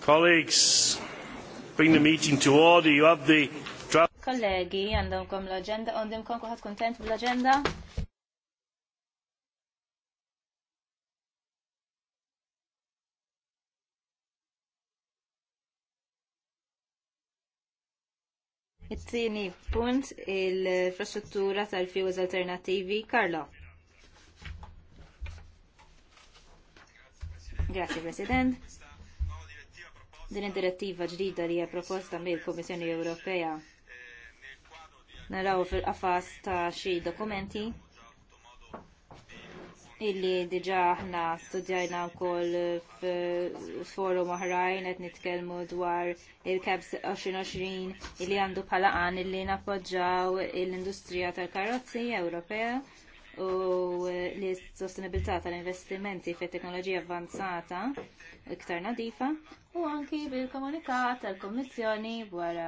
Colleagues, bring the meeting to order. You have the l-agenda, għandhomkom kuħat kontent bl-agenda? it tini punt il-infrastruttura tal-fjuż alternativi Carlo. Grazie President. Din id-direttiva ġdida li hija proposta mill-Kummissjoni Ewropea naraw fil-qafas ta' xi dokumenti illi diġa aħna studjajna wkoll f'forum oħrajn qed nitkellmu dwar il-Caps 2020 illi għandu bħala għan illi nappoġġaw l-industrija tal-karozzi Ewropea u eh, l-sostenibilità tal-investimenti fit teknoloġija avvanzata iktar nadifa u anki bil-komunikat tal-Kommissjoni wara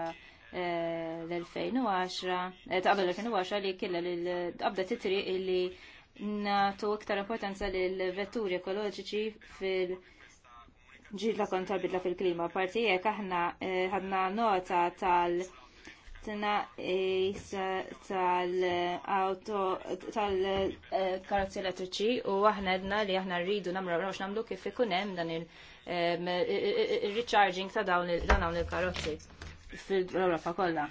eh, l-2010, eh, qabel l-2010 li killa l-qabda titri li natu iktar importanza l-vetturi ekoloġiċi fil- ġidla kontra bidla fil-klima. Partijek aħna ħadna nota tal- tnaqis eh, tal-karozzi auto tal elettriċi u aħna edna li aħna rridu namra rawx namlu kif ikunem dan il-recharging ta' dawn il-karozzi fil-Europa kollha.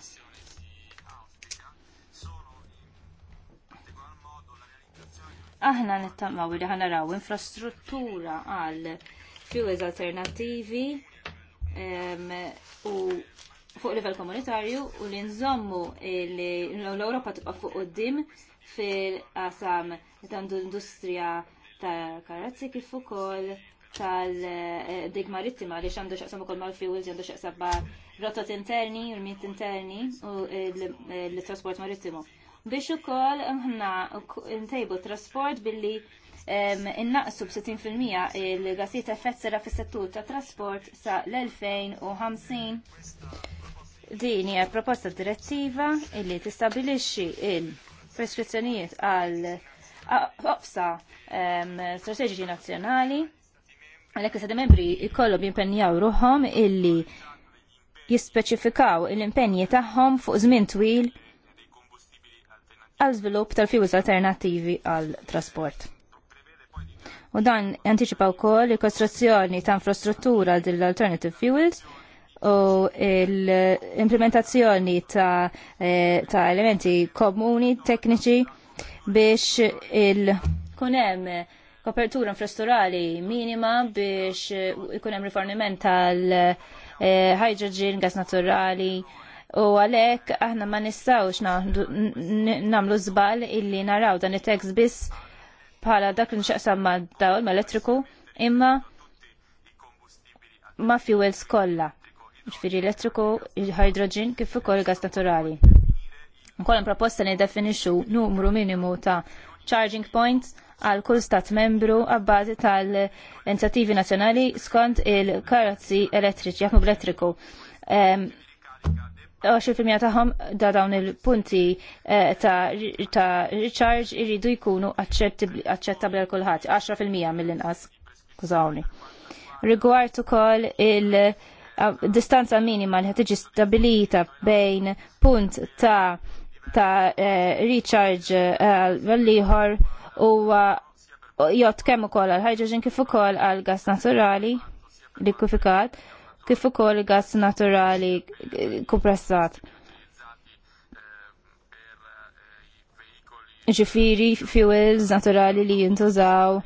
aħna nittamaw li ħana raw infrastruttura għal fuels alternativi u fuq livell komunitarju u li nżommu l europa tibqa' fuq qudiem fil-qasam tal-industrija tal-karozzi kif ukoll tal-dik marittima li xandu xaqsam u mal-fuels, għandu xaqsam ba' rotot interni, rmit interni u l-trasport marittimu. Biex u kol mħna intejbu trasport billi innaqsu b-60% il-gassiet effett sera fis settur ta' trasport sa' l-2050 Din hija proposta direttiva illi tistabilixxi il-preskrizzjonijiet għal oqsa strateġiċi nazzjonali għalhekk is membri jkollhom jimpenjaw ruħhom illi jispeċifikaw l-impenji tagħhom fuq żmien twil għal żvilupp tal-fjuż alternattivi għal trasport. U dan jantiċipa wkoll il-kostruzzjoni ta' infrastruttura għal din l-alternative fuels u l-implementazzjoni ta', eh, ta elementi komuni tekniċi biex il kunem kopertura infrastrutturali minima biex ikunem rifornimenta tal eh, hydrogen, gas naturali u għalek aħna ma nistawx namlu zbal illi naraw dan it-tekst biss bħala dak li nxaqsam ma dawl ma elettriku imma ma fuels kollha ġifiri elettriku, hydrogen, kif ukoll gas naturali. Ukoll proposta li definixxu numru minimu ta' charging points għal kull stat membru għabbażi tal-inizjattivi nazzjonali skont il-karozzi elettriċi jaħmu bl-elettriku. 20% taħħom da dawn il-punti eh, ta' recharge irridu jkunu accettabli għal kulħadd, 10% mill-inqas. Kużawni. Rigward ukoll il- distanza minima li ħatiġi stabilita bejn punt ta' ta' eh, recharge eh, għal-liħor eh, u jott kemm ukoll għal-ħajġaġin kif ukoll għal-gas naturali likwifikat kif ukoll gas naturali kompressat. Ġifiri fuels naturali li jintużaw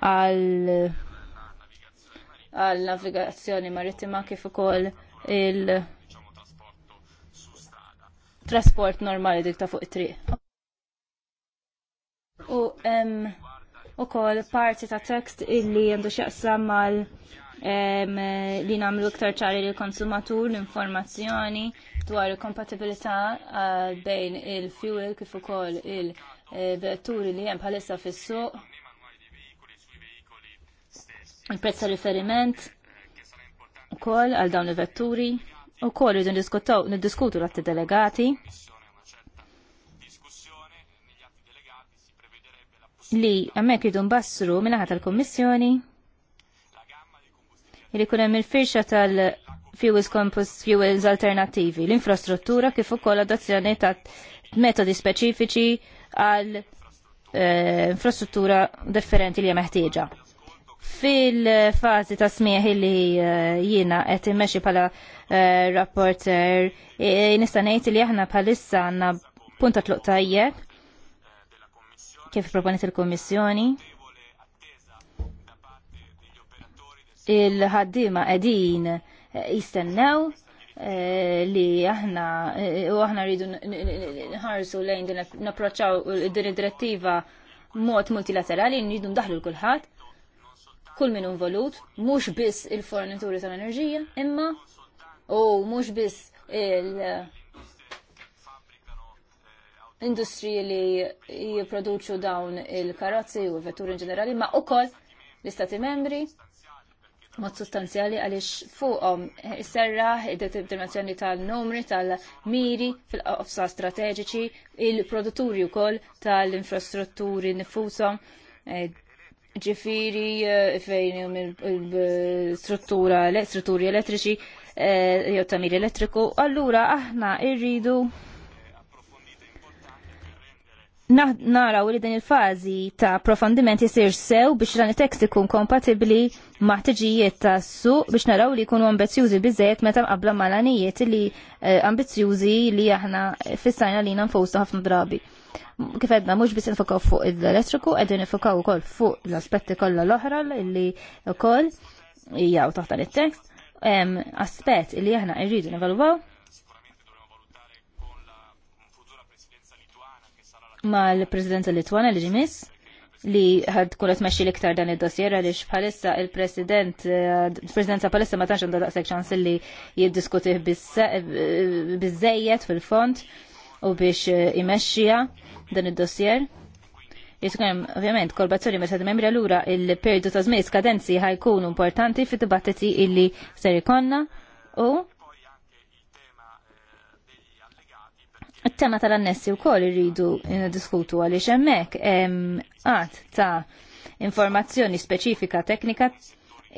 għal għal navigazzjoni marittima kif ukoll il- trasport normali dik ta' fuq it-triq. U hemm ukoll parti ta' tekst illi għandu x'jaqsam mal li nagħmlu iktar ċari lill konsumatur l-informazzjoni dwar il-kompatibilità bejn il-fuel kif ukoll il-vetturi li hemm bħalissa fis-suq il-prezz ta' riferiment ukoll għal dawn il-vetturi ukoll irridu niddiskutu l-atti delegati li hemmhekk irridu nbassru minnaħat tal-Kummissjoni li kunem hemm il-firxa tal-fuels compost fuels alternattivi, l-infrastruttura kif ukoll adozzjoni ta' metodi speċifiċi għal eh, infrastruttura differenti li hija meħtieġa fil-fazi ta' smieħ li jiena qed immexxi bħala rapporter nista' ngħid li aħna bħalissa għandna punta tluq tajjeb kif proponiet il-Kummissjoni. Il-ħaddiema qegħdin jistennew li aħna u aħna rridu nħarsu lejn din napproċċaw din id-direttiva mod multilaterali nridu ndaħlu l-kulħadd kull minn involut, mhux biss il-fornituri tal-enerġija, imma u mhux biss il- industriji li jipproduċu dawn il-karozzi u l-vetturi in ġenerali, ma' koll l-istati membri mod sustanzjali għaliex fuqhom serraħ id-determinazzjoni tal-numri tal-miri fil-qofsa strateġiċi il-produtturi wkoll tal-infrastrutturi nifushom eh, ġifiri eh, fejn il-struttura, strutturi elettriċi, eh, jew elettriku, allura aħna irridu naraw li din il-fazi ta' profondiment jisir sew biex dan it-tekst ikun kompatibli ma' tiġijiet ta' suq biex naraw li jkunu ambizjużi biżejt meta mqabla malanijiet li eh, ambizzjużi li aħna fissajna li nfowsu ħafna drabi. Kif edna, mux bis nifokaw fuq l-elettriku, edin nifokaw u koll fuq l-aspetti kollha l-oħra li u koll jgħaw taħt dan tekst aspet li aħna irridu nivaluaw mal-Presidenza Litwana li ġimis li ħad tkun qed tmexxi l-iktar dan id-dossier għaliex bħalissa il-President il-Presidenza eh, bħalissa ma tantx għandha daqshekk ċans li jiddiskutih biżejjed fil-fond u biex eh, imexxija dan id-dossier. Jitkun ovvjament kolbazzjoni meta membri allura il-periodu ta' żmien skadenzi ħajkun importanti fit-dibattiti illi ser ikonna u Il-tema tal-annessi u koll irridu diskutu għaliex hemmhekk hemm ta' informazzjoni speċifika teknika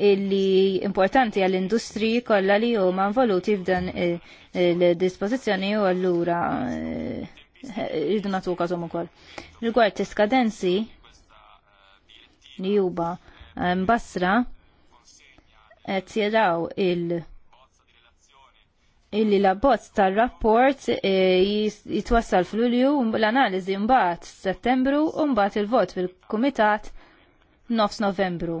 illi importanti għall-industriji kollha li huma involuti f'dan l dispożizzjoni u allura eh, rridu nagħtu każhom ukoll. Rigward tiskadenzi li juba mbasra eh, qed jiraw il- illi la bozz tal-rapport eh, jitwassal fl-ulju um-, l-analizi mbagħad settembru u mbagħad il-vot fil-kumitat nofs novembru.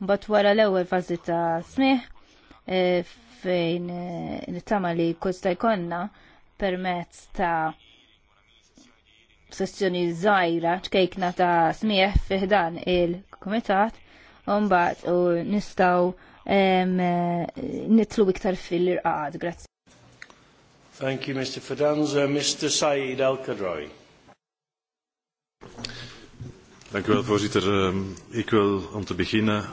Mbagħad wara l-ewwel fażi ta' smih eh, fejn eh, nittama li kosta jkollna permezz ta' sessjoni żgħira ċkejkna ta' smih fiħdan il-kumitat u mbagħad u nistgħu Eh, nitlu iktar fil-irqaqad. Grazzi. Thank you, Mr. Fidanza. Mr. Said Al-Kadroi. Dank u wel, voorzitter. Um, ik wil om te beginnen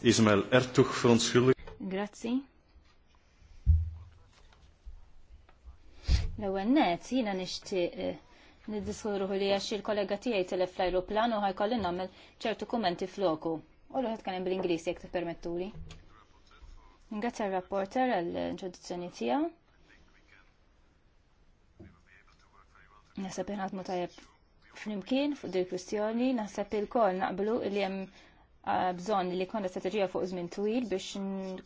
Ismaël Ertug verontschuldigen. Grazie. L-ewwel net jiena nixtieq eh, niddiskuruħu li għax il-kollega tiegħi tilef fl-ajruplan u ħajkolli nagħmel ċertu kumenti floku. U ruħet kien bil bl-Ingliż jekk tippermettuli. Ngrazzja r rapporter għall-introduzzjoni tiegħu. Nasab jħanatmu tajjeb flimkien fuq il kwistjoni, naħseb il-kol naqblu li jem bżon li konna strategija fuq żmien twil biex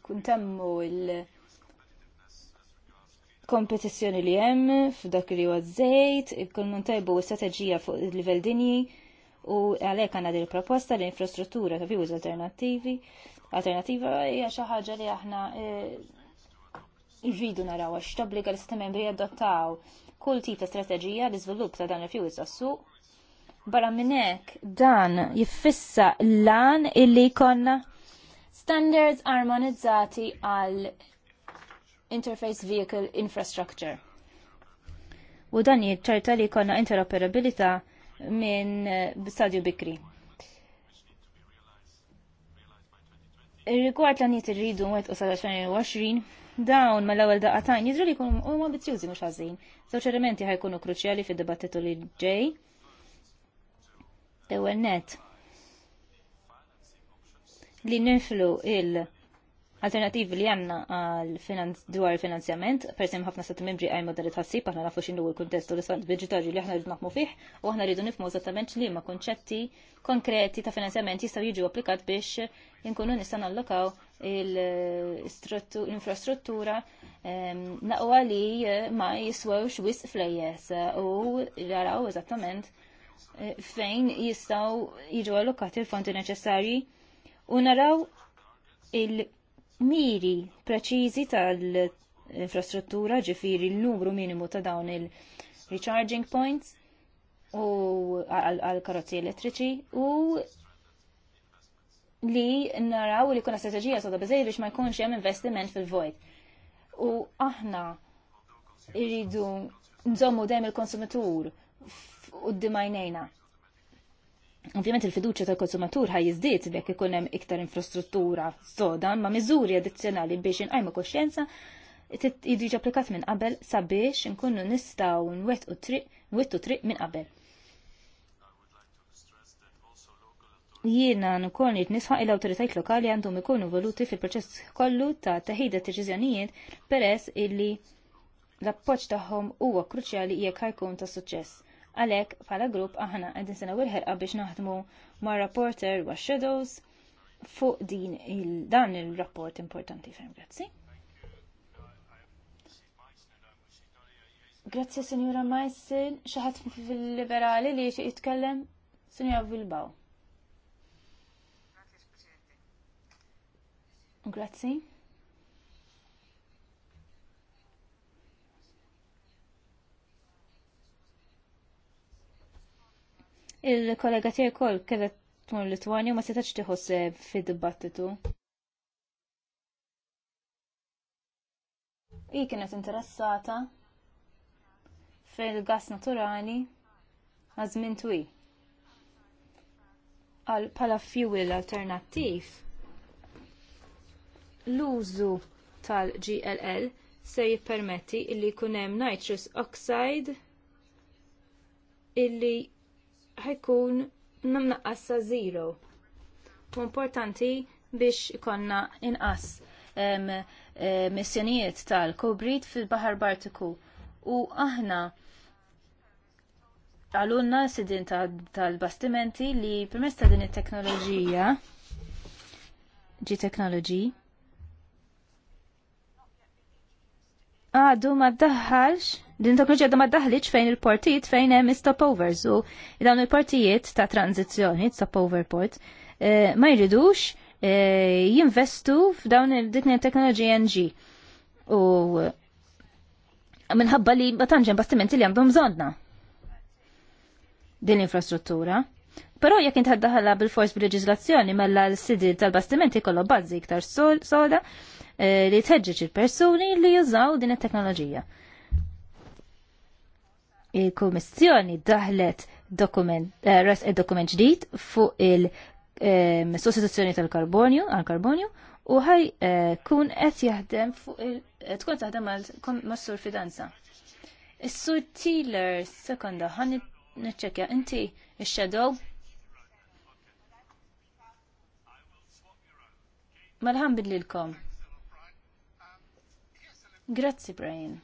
kuntemmu il-kompetizzjoni li jem f'dak li huwa żejt, ikun ntajbu strateġija fuq il-livell dinji u għalhekk għandna din proposta l-infrastruttura ta' views alternattivi Alternativa hija xi ħaġa li aħna eh, rridu naraw għax tobbliga l-istat membri jadottaw kull tip ta' strateġija li żvilupp ta' dan il-fjuwiz tas-suq. Barra minn hekk dan jiffissa lan illi jkollna standards armonizzati għal interface vehicle infrastructure. U dan jiċċerta li jkollna interoperabilità minn stadju bikri. Rigward l-għaniet irridu mwet u sal-2020, dawn mal-ewwel daqatajn jidru li jkunu huma ambizzjużi mhux ħażin. Żewġ elementi ħajkunu kruċjali fid-dibattitu li ġej. Ewwel net li niflu il- alternativi li għanna għal dwar finanzjament, esempio, ħafna sat membri għaj modelli tħassib, aħna nafu xinu il-kontestu li sant vegetari li aħna rridu fih, u aħna rridu nifmu eżattament li ma konċetti konkreti ta' finanzjament jistaw jiġu applikat biex inkunu nistan allokaw l-infrastruttura ehm, naqwa li eh, ma jiswewx wis flejjes eh, u jaraw eżattament eh, fejn jistaw jiġu allokati l-fondi neċessarji u naraw il- miri preċiżi tal-infrastruttura ġifiri l-numru minimu ta' dawn il-recharging points u għal karozzi elettriċi u li naraw li kuna strategija soda bizzej biex ma jkunx hemm investiment fil-vojt. U aħna irridu nżommu dejjem il-konsumatur u d-dimajnejna. Ovvjament il-fiduċja tal-konsumatur ħaj jizdiet bekk ikun hemm iktar infrastruttura soda ma' miżuri addizzjonali biex inqajmu koxjenza jiġi applikat minn qabel sabiex nkunu nistgħu nwettqu triq nwettu triq minn qabel. Jiena nkoll nit nisħaq il-awtoritajt lokali għandhom ikunu voluti fil-proċess kollu ta' taħida deċiżjonijiet peress illi l-appoġġ tagħhom huwa kruċjali jekk ħajkun ta' suċċess Għalek, fala grupp aħna għedin sena wilħerqa biex naħdmu ma' rapporter wa shadows fuq din il dan il-rapport importanti ferm. Grazzi. Grazzi, Signora Majsin. Xaħat fil-liberali li xie jitkellem? Signora Vilbaw. Grazzi. il-kollega tiegħi wkoll kellet tkun u ma setax tiħosseb fid-dibattitu. Hi kienet interessata fil-gas naturali għazmin twi. Għal pala fuel alternattiv l-użu tal-GLL se jippermetti illi jkun hemm nitrous oxide illi ħajkun namnaqqas sa' zero. U importanti biex ikonna inqas missjonijiet tal-kobrit fil-Bahar Bartiku. U aħna għalunna sidin tal-bastimenti li permess ta' din it-teknoloġija ġi teknoloġi għadu ma daħħalx Din teknoloġija għadha ma daħliċ fejn il-portijiet fejn hemm stopovers u dawn il-portijiet ta' tranzizzjoni, stopover port, eh, ma jridux eh, jinvestu f'dawn id-din teknoloġija NG. U minħabba li ma tantx bastimenti li għandhom zonna din l-infrastruttura. Però jekk inti ħaddaħla bil-fors bil-leġiżlazzjoni mela l-sidi tal-bastimenti kollu bazzi iktar soda eh, li tħeġġeġ il-persuni li jużaw din it-teknoloġija il-Kummissjoni daħlet dokument, eh, res dokument ġdid fuq il-sostituzzjoni ehm, tal-karbonju, għal-karbonju, u ħaj eh, kun qed jaħdem fuq il- eh, tkun taħdem mas-sur fidanza. Is-sur Tiller, sekonda ħan niċċekja inti il shadow Malħan bidlilkom. Grazzi, Brian.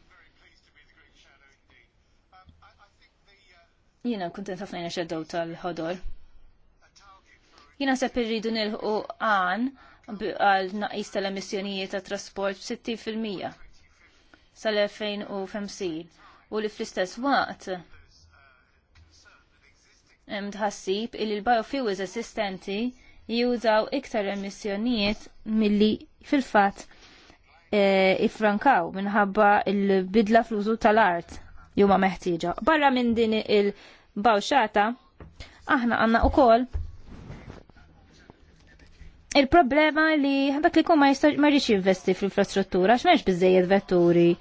Jina kontent ħafna jina xeddaw tal-ħodor. Jina sepp irridu nilħu għan għal naqis tal-emissjonijiet ta' trasport 60% sal-2050 u li fl-istess waqt hemm tħassib li l-biofuels esistenti jużaw iktar emissjonijiet milli fil-fatt eh, ifrankaw minħabba l bidla fl-użu tal-art juma meħtieġa. Barra minn din il-bawxata, aħna għanna u kol il-problema li dak li kuma ma jistax jinvesti fl-infrastruttura, x'mhex biżejjed vetturi,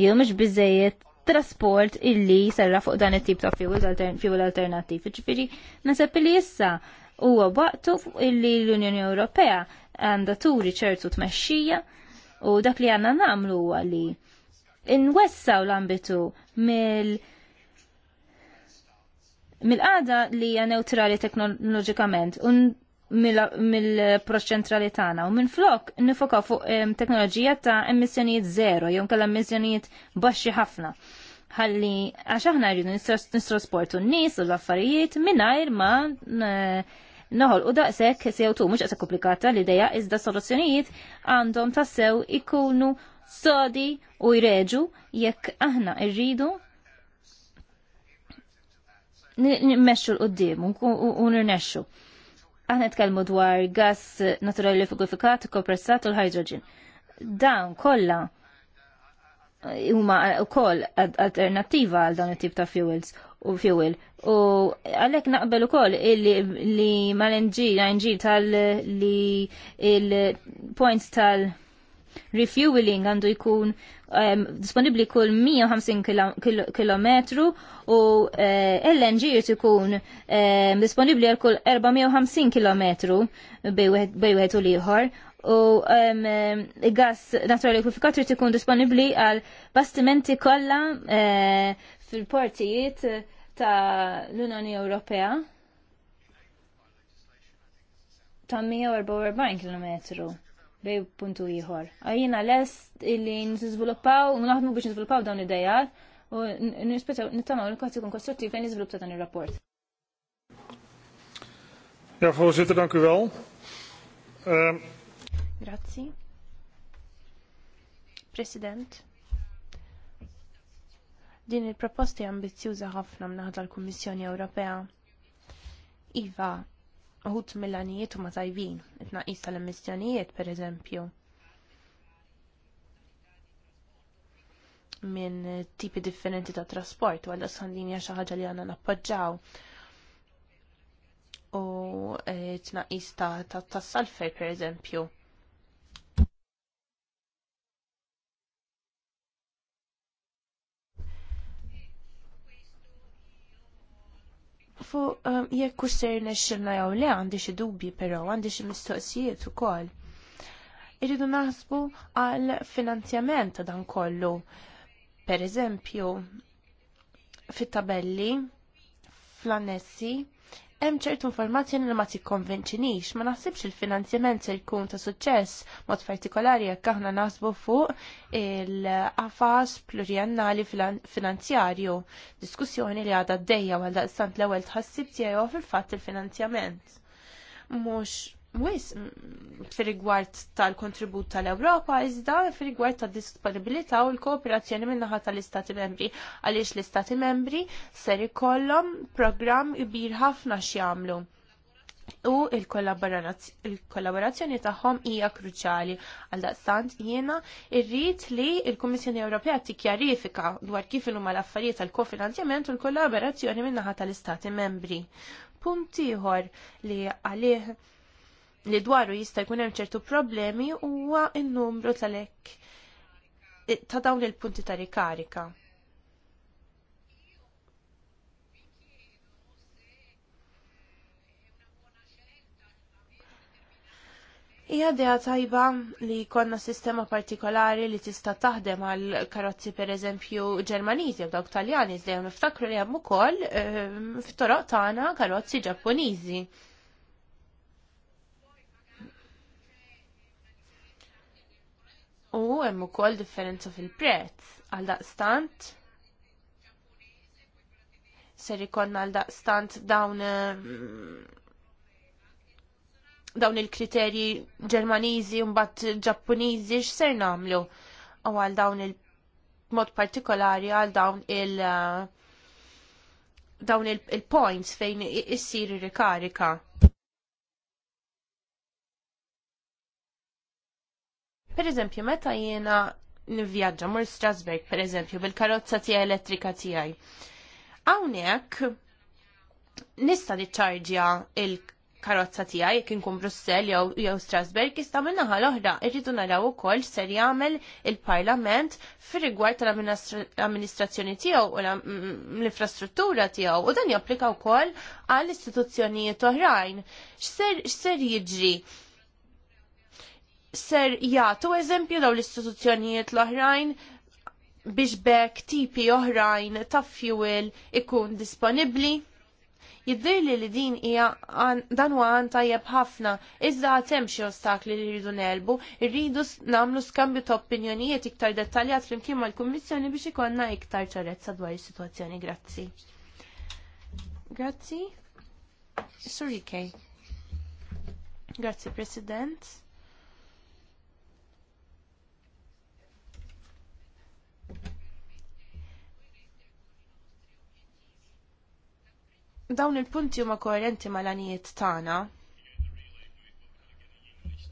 jew mhux biżejjed trasport illi serra fuq dan it-tip ta' fuel alternativ. Ġifieri nasab li issa huwa waqtu illi l-Unjoni Ewropea għandha turi ċertu tmexxija u dak li għandna nagħmlu huwa li inwessaw l-ambitu mill- mill-għada li hija neutrali teknoloġikament u mill proċċentrali tagħna u minn flok nifokaw fuq teknoloġija ta' emissjonijiet zero jew kellha emissjonijiet baxxi ħafna. Ħalli għax aħna rridu nistrasportu n-nies u l-affarijiet mingħajr ma noħol u daqshekk CO2 mhux qed komplikata l-idea iżda soluzzjonijiet għandhom tassew ikunu sodi u jreġu jekk aħna irridu nimmexxu l-qoddim u nirnexxu. Aħna tkellmu dwar gas naturali fugifikat, kompressat u l-hydrogen. Dawn kollha huma wkoll alternattiva għal dawn it-tip ta' fuels u fuel. U għalhekk naqbel ukoll li mal-NG, l-NG tal-li il-points tal-, -li, tal refueling għandu jkun um, disponibli kull 150 km u uh, eh, LNG jirt ikun um, disponibli għal kull 450 km bej wieħed u liħor u um, gas naturali liquefikat jirt ikun disponibli għal bastimenti kollha uh, fil-portijiet ta' l-Unjoni Ewropea ta' 144 km bej puntu ieħor. Għajjina lest illi nizviluppaw, naħdmu biex nizviluppaw dawn id-dajat u nispetaw nittamaw l-kwazz ikun kostruttiv lejn iżvilupp ta' dan ir-rapport. Ja, voorzitter, dank u wel. Ehm, Grazie. President. Din il-proposti ambizjuża ħafna mnaħda l-Kummissjoni Ewropea. Iva, uħut mill-għanijiet u ma tajbin, it-naqis tal-emissjonijiet per eżempju. minn tipi differenti ta' trasport, għal sandini għaxa ħagġa li għanna nappoġġaw u eh, t-naqis ta' tassalfer per eżempju. fuq um, jekk hux nesċilna jaw jew le għandi xi dubji però għandi xi mistoqsijiet ukoll. Irridu naħsbu għal finanzjament ta' dan kollu. Per eżempju, fit-tabelli, fl-annessi, hemm ċertu informazzjoni li ma tikkonvinċinix, ma naħsibx il-finanzjament se jkun ta' suċċess mod partikolari jekk aħna naħsbu fuq il-qafas pluriannali finanzjarju. Diskussjoni li għadha d-dejja għal daqstant l-ewwel tħassib tiegħu fil-fatt il-finanzjament. Mhux wis mm, fil rigward tal-kontribut tal-Ewropa iżda fil rigward tad-disponibilità u l-kooperazzjoni min-naħa tal-Istati Membri għaliex l-Istati Membri ser ikollhom programm kbir ħafna x'jagħmlu u il-kollaborazzjoni tagħhom hija kruċjali. Għal daqstant jiena irrid li l-Kummissjoni Ewropea tikkjarifika dwar kif huma l-affarijiet tal-kofinanzjament u l-kollaborazzjoni min-naħa tal-Istati Membri. Punt ieħor li għalih li dwaru jista' jkun hemm ċertu problemi huwa n-numru tal-ek ta' dawn il-punti ta' rikarika. Ija dea tajba li konna sistema partikolari li tista' taħdem għal karozzi per eżempju Ġermaniżi u dawk Taljani li niftakru li hemm ukoll ehm, fit-toroq tagħna karozzi Ġappuniżi U hemm ukoll differenza fil-prezz għal daqstant ser ikonna għal daqstant dawn eh, dawn il-kriterji Ġermaniżi u mbagħad Ġappuniżi x'ser nagħmlu u għal dawn il-mod partikolari għal dawn il- eh, dawn il-points fejn issir ir-rikarika. Per eżempju, meta jiena nivvjaġġa mur Strasberg, per eżempju, bil-karozza tija elettrika tiegħi. Hawnhekk nista' niċċarġja il-karozza tiegħi jekk nkun Brussell jew jew Strasberg, issa minna naħa l-oħra irridu naraw ukoll ser jagħmel il-Parlament fir-rigward tal-amministrazzjoni tiegħu u l-infrastruttura tiegħu u dan japplika wkoll għall istituzzjonijiet oħrajn. X'ser jiġri? ser jagħtu eżempju daw l-istituzzjonijiet l-oħrajn biex bekk tipi oħrajn ta' fuel ikun disponibbli. Jiddir li din hija dan huwa għan tajjeb ħafna, iżda għad hemm xi ostakli li rridu nelbu, rridu nagħmlu skambju ta' opinjonijiet iktar dettaljat flimkien mal-Kummissjoni biex ikonna iktar ċarezza dwar is-sitwazzjoni. Grazzi. Grazzi. Surike. Grazzi President. dawn il-punti huma koerenti mal-anijiet tagħna.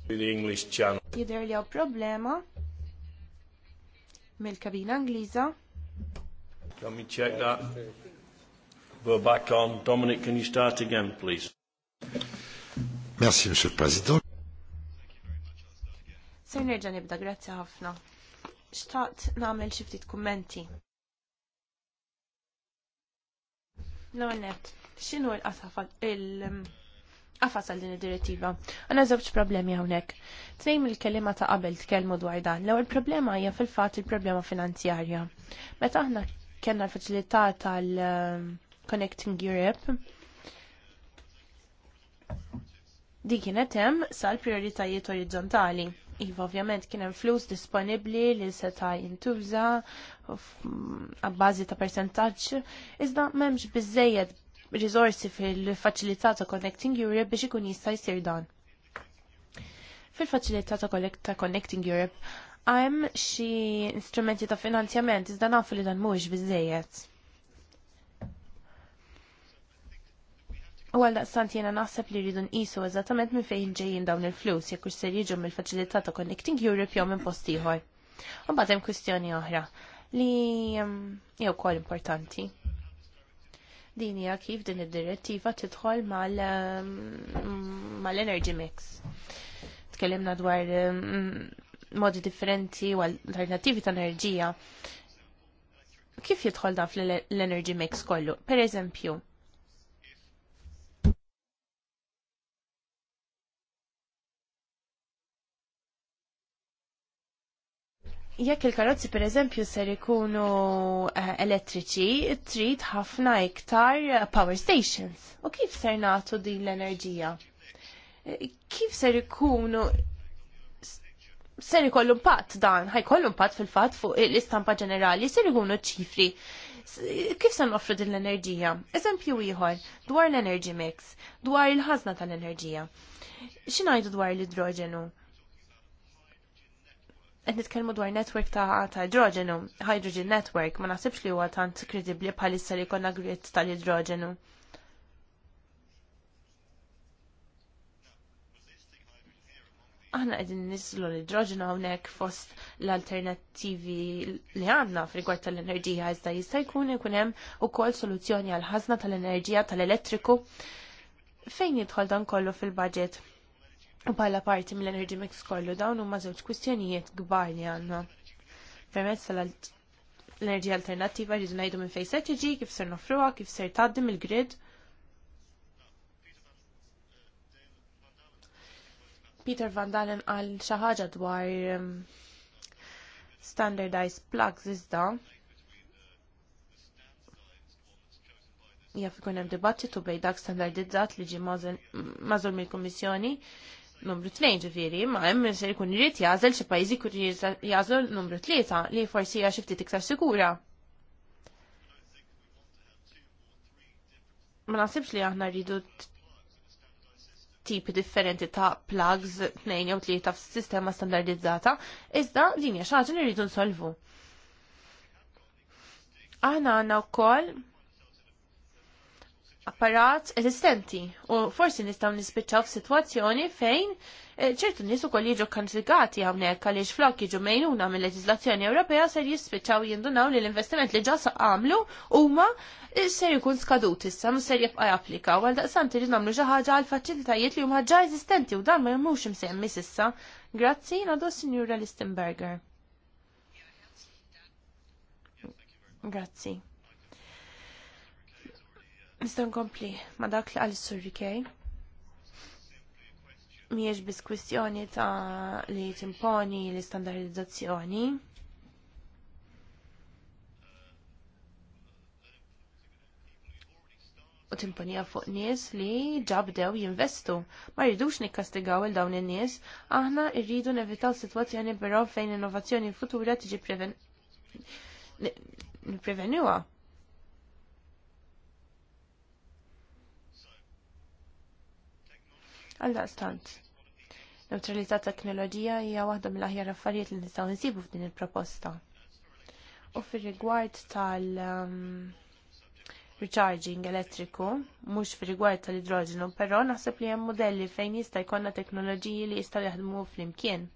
Jidher li problema mill-kabina Angliża. Can we check that? We're back on. Dominic, can you start again, please? Merci, Monsieur le Président. Sir nerġa' nibda, grazie ħafna. Xtaqt nagħmel xi ftit kummenti. No għonet xinu il-qafas għal din id-direttiva. Għana żewġ problemi hawnhekk. Tnejn mill-kelima ta' qabel tkellmu dwar dan. L-ewwel problema hija fil-fatt il-problema finanzjarja. Meta aħna kellna l-faċilità tal-Connecting Europe, Din kienet hemm sal-prioritajiet orizzontali. Iva ovvjament kien hemm flus disponibbli li seta' jintuża għabbażi ta' persentaġġ, iżda m'hemmx biżejjed risorsi fil-faċilità ta' Connecting Europe biex ikun jista' jsir dan. Fil-faċilità ta' Connecting Europe għajm xi instrumenti ta' finanzjament iżda nafu li dan mhuwiex biżejjed. U s-sant jena naħseb li rridu nqisu eżattament minn fejn ġejjin dawn il-flus jekk se jiġu mill-faċilità ta' Connecting Europe jew minn post ieħor. U mbagħad hemm kwistjoni oħra li mm, jew kol importanti Din hija kif din id-direttiva tidħol um, mal-energy mix. Tkellimna dwar um, modi differenti u alternativi ta' enerġija. Kif jidħol dan fl-energy mix kollu? Per eżempju, jekk il-karozzi per eżempju ser ikunu uh, elettriċi, trid ħafna iktar eh, power stations. U kif ser nagħtu din l-enerġija? Eh, kif ser ikunu ser ikollu impatt dan, ħajkollu impatt fil-fatt fuq l-istampa ġenerali, ser ikunu ċifri. Kif ser noffru din l-enerġija? Eżempju ieħor dwar l-energy mix, dwar il-ħażna tal-enerġija. Xinajdu dwar l-idroġenu? qed nitkellmu dwar network ta' ta' hydrogenu, hydrogen network, ma naħsibx li huwa tant kredibbli bħalissa li jkollna grid tal hidrogenu Aħna qegħdin nislu l-idroġenu hawnhekk fost l-alternattivi li għandna f'rigward tal-enerġija iżda jista' jkun ikun hemm ukoll soluzzjoni għal ħażna tal-enerġija tal-elettriku fejn jidħol dan kollu fil-budget U bħala parti mill enerġi Mix kollu dawn huma żewġ kwistjonijiet kbar li għandna. Permezz tal-enerġija alternattiva rridu ngħidu minn fejn se tiġi, kif ser nofruha, kif ser tgħaddi mill-grid. Peter Van Dalen għal xi ħaġa dwar um, standardized plugs iżda jaf ikun hemm dibattitu bejn dak standardizzat li ġie mażul mill-Kummissjoni numru 2 ġifiri, ma hemm se jkun irid jażel xi pajjiżi jkun jażel numru 3 li forsi hija xi ftit iktar sikura. Ma naħsibx li aħna rridu tipi differenti ta' plugs tnejn jew tlieta f'sistema standardizzata, iżda din hija xi ħaġa li rridu nsolvu. Aħna għandna wkoll apparat eżistenti u forsi nistgħu nispiċċaw f'sitwazzjoni fejn eh, ċertu nies ukoll jiġu kkantigati hawnhekk għaliex flok jiġu mejnuna mill leġizlazzjoni Ewropea ser jispiċċaw jindunaw li l-investiment li ġasa għamlu huma eh, ser jkun skadut issa mhux ser jibqa' japplika u għal s-sant nagħmlu xi ħaġa għal faċilitajiet li huma ġa eżistenti u dan ma jmux imsemmi s'issa. Grazzi, nadu Sinjura Listenberger. Grazzi. Nista' nkompli ma' dak li għalissu Rikej? Mijiex bis kwistjoni ta' li timponi l standardizzazzjoni. U timponija fuq nies li ġabdew jinvestu. Ma rridux nikkastigaw il dawn in-nies, aħna rridu nevitaw sitwazzjoni però fejn innovazzjoni futura tiġi preven... prevenuwa. Għaldaqstant, neutralità teknoloġija hija waħda mill-aħjar affarijiet li nistgħu nsibu f'din il-proposta. U fir-rigward tal- um, recharging elettriku, mhux fir-rigward tal-idroġenu, però naħseb li hemm modelli fejn jista' jkollna teknoloġiji li jistgħu jaħdmu flimkien.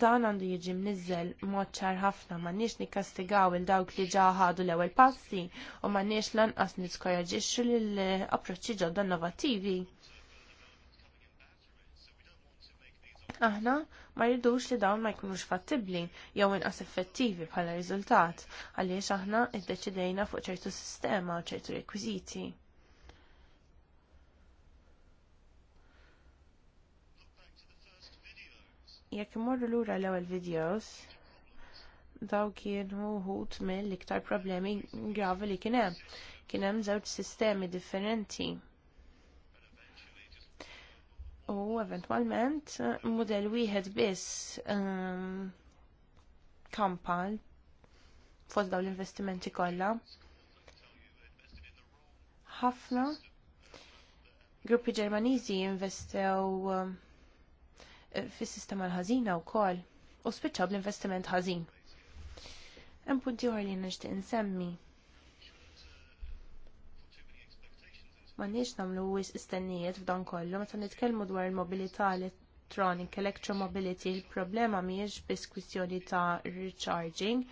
dan għandu jiġi mniżżel moċċar ċar ħafna m'għandniex nikkastigaw il dawk li ġa ħadu l-ewwel passi u m'għandniex lanqas niskoraġixxu lill approċċi ġodda innovattivi. Aħna ma rridux li dawn ma jkunux fattibbli jew inqas effettivi bħala riżultat għaliex aħna iddeċidejna fuq ċertu sistema u ċertu rekwiżiti. Jekk imorru lura l-ewwel videos, daw kienu wħud mill-iktar problemi gravi li kien hemm. Kien hemm żewġ sistemi differenti. U eventwalment mudell wieħed biss um, kampal fost daw l-investimenti kollha. Ħafna gruppi Ġermaniżi investew um, ehm, fis-sistema l-ħażina wkoll u spiċċaw bl-investiment ħażin. Hemm punti li nixtieq insemmi. M'għandniex nagħmlu wis istennijiet f'dan kollu meta nitkellmu dwar il-mobilità elektronik, electromobility, il-problema mhijiex biss kwistjoni ta' recharging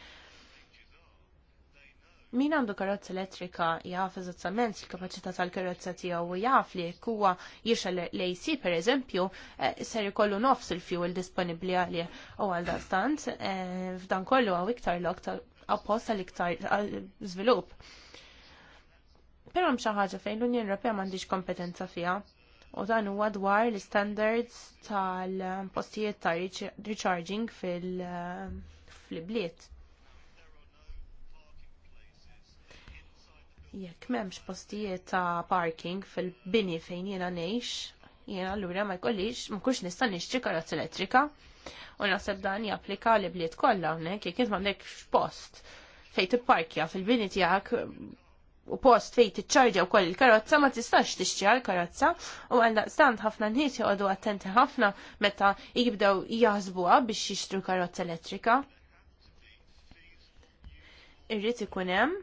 min għandu karozza elettrika jaf eżattament il-kapacità tal-karozza tiegħu u jaf li huwa jixa l-AC per eżempju eh, ser ikollu nofs il-fuel disponibbli għalih u għal dastant eh, f'dan kollu għaw iktar lok appost l-iktar żvilupp. Però hemm xi ħaġa fejn l-Unjoni Ewropea m'għandix kompetenza fiha u dan huwa dwar l-standards tal-postijiet ta' recharging eh, fil-bliet. Jekk m'hemmx postijiet ta' parking fil-bini fejn jiena ngħix, jiena allura ma jkollix, ma kux nista' nixtri karozza elettrika. U naħseb dan japplika li bliet kollha hawnhekk jekk inti m'għandekx post fejn tipparkja fil-bini tiegħek u post fejn tiċċarġa wkoll il-karozza ma tistax tixtri għall karozza u għal stand ħafna nies joqogħdu attenti ħafna meta jibdew jaħsbuha biex jixtru karozza elettrika. Irrid ikun hemm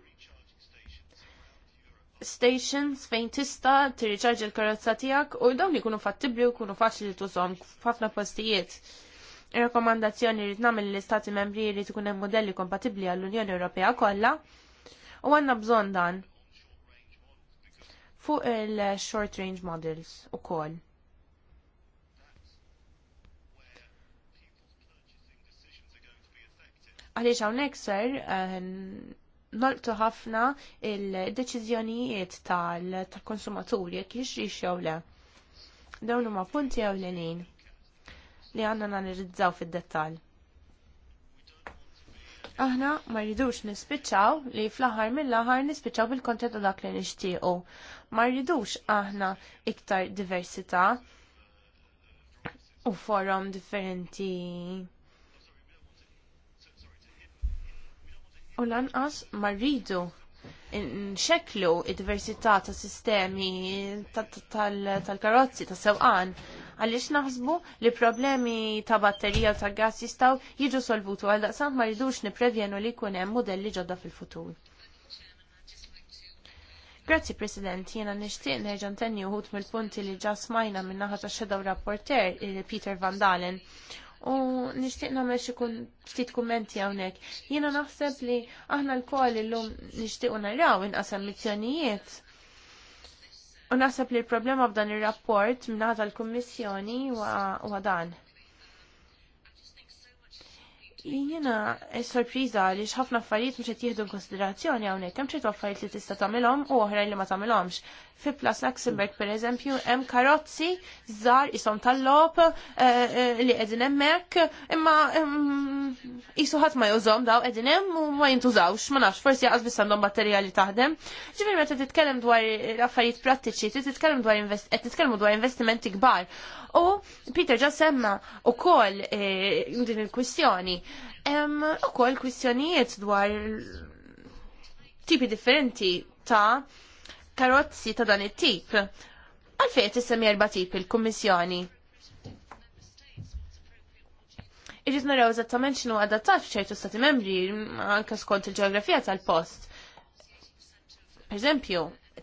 stations fejn tista tirriċarġi l-karozza tiegħek u dawn ikunu fattibli u jkunu faċli tużhom f'ħafna postijiet. Ir-rakkomandazzjoni li tnagħmel l-Istati Membri li tkun hemm modelli kompatibbli għall-Unjoni Ewropea kollha u għandna bżonn dan fuq il-short range models ukoll. Għaliex hawnhekk ser ehm, nolqtu ħafna il-deċiżjonijiet tal-konsumaturi jekk jixrix jew le. Dawn huma punti jew lenin li għandna nanalizzaw fid-dettall. Aħna ma rridux nispiċċaw li fl-aħħar mill-aħħar nispiċċaw bil-kontent ta' dak li nixtiequ. Ma rridux aħna iktar diversità u forum differenti u lanqas ma rridu nxeklu id-diversità ta' sistemi tal-karozzi, ta' sewqan, għaliex naħsbu li problemi ta' batterija u ta' gas jistaw jiġu solvutu għal daqsam ma rridux niprevjenu li hemm modelli ġodda fil-futur. Grazzi President, jiena nixtieq nerġa' ntenni uħut mill-punti li ġasmajna minnaħat min-naħa tax Rapporter Peter Van Dalen u nixtieq nagħmel xi ftit kummenti hawnhekk. Jiena naħseb li aħna lkoll illum nixtiequ naraw inqas ambizzjonijiet. U naħseb li l-problema b'dan ir-rapport mingħata l-Kummissjoni huwa dan. Jiena sorpriża li xafna affarijiet mhux qed jieħdu konsiderazzjoni hawnhekk hemm ċertu affarijiet li tista' tagħmilhom u oħrajn li ma tagħmilhomx. Fi Plas Luxemburg pereżempju hemm karozzi żgħar isom tal lop eh, eh, li qegħdin hemmhekk imma qisu mm, ħadd ma jużhom daw qegħdin hemm u ma jintużawx, ma nafx forsi jaqas biss għandhom batterija li taħdem. Ġifieri meta titkellem dwar affarijiet prattiċi, titkellem dwar qed titkellmu dwar investimenti kbar. U Peter ġa semma ukoll eh, din il-kwistjoni Hemm ukoll kwistjonijiet dwar tipi differenti ta' karozzi ta' dan it-tip. Għalfejn tissemmi erba' tip il-Kummissjoni. Irrid naraw eżattament x'inhu adattat f'ċertu stati membri anke skont il-ġeografija tal-post. Per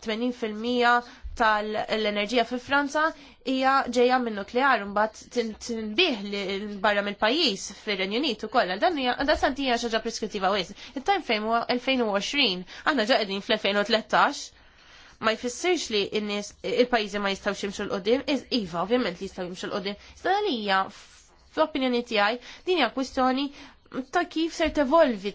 80% tal-enerġija fi Franza hija ġejja minn nuklear mbagħad tinbih li barra mill-pajjiż fir-Renju Unit ukoll. Dan hija dan santi hija xi ħaġa preskrittiva wis. Il-time frame huwa 2020. Aħna ġa qegħdin fl-2013 ma jfissirx li n-nies il-pajjiżi ma jistgħux jimxu l-qudiem, iva ovvjament li jistgħu jimxu l-qudiem. Iżda hija fl-opinjoni tiegħi din hija kwistjoni ta' kif ser tevolvi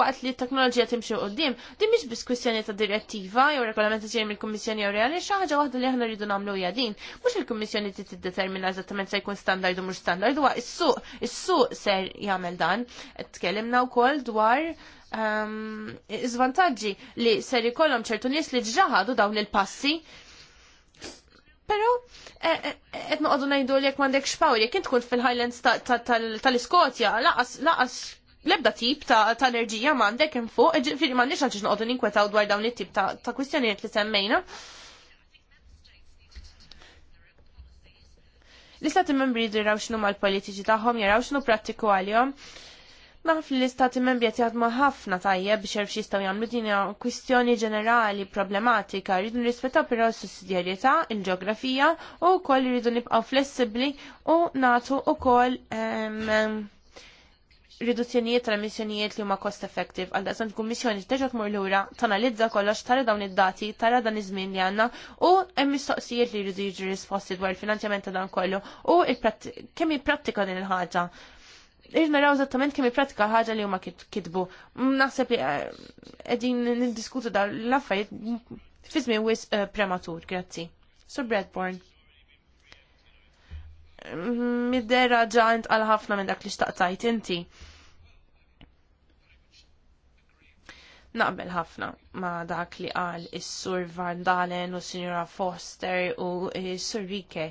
waqt li t-teknoloġija timxi għoddim, din mhix bis kwistjoni ta' direttiva jew regolamentazzjoni mill-Kummissjoni Ewrejali xi ħaġa waħda li aħna rridu nagħmlu hija din. Mhux il-Kummissjoni ti tiddetermina eżattament se jkun standard u mhux standard huwa is-suq, is-suq ser jagħmel dan. Tkellimna wkoll dwar ehm, iż li ser ikollhom ċertu nies li ġraħadu dawn il-passi Pero, eh, eh, eh, et noqdu najdu li jek mandek xpawri, jek tkun fil-Highlands tal-Iskotja, laqas lebda tip ta' enerġija mandek info, ġifiri mandiċ għalċiġ noqdu ninkwetaw dwar dawn it-tip ta' kwistjoniet li semmejna. L-istati membri jidiraw xnu mal-politiċi taħħom, jaraw xnu prattiku għal-jom, Naf li l-istati membri qed jaħdmu ħafna tajjeb biex jerf jistgħu jagħmlu din kwistjoni ġenerali problematika rridu nirrispettaw però s-sussidjarjetà, il-ġeografija u koll irridu nibqgħu flessibbli u nagħtu wkoll ehm, riduzzjonijiet tal-emissjonijiet li huma cost effective għal daqsan kummissjoni teġa tmur lura tanalizza kollox tara dawn id-dati, tara dan iż-żmien li għandna u hemm mistoqsijiet li jridu jiġu risposti dwar il-finanzjament ta' dan kollu u kemm il-prattika din il-ħaġa. Irnaraw zattament kemm pratika ħaġa li huma kitbu. Naħseb li eh, qegħdin niddiskutu dar l-affarijiet fi żmien wis eh, prematur, grazzi. Sur Bradborn. Middera ġa intqal ħafna minn dak li xtaqtajt inti. naqbel ħafna ma dak li qal is-Sur Van Dalen u Sinjora Foster u s-Sur Rike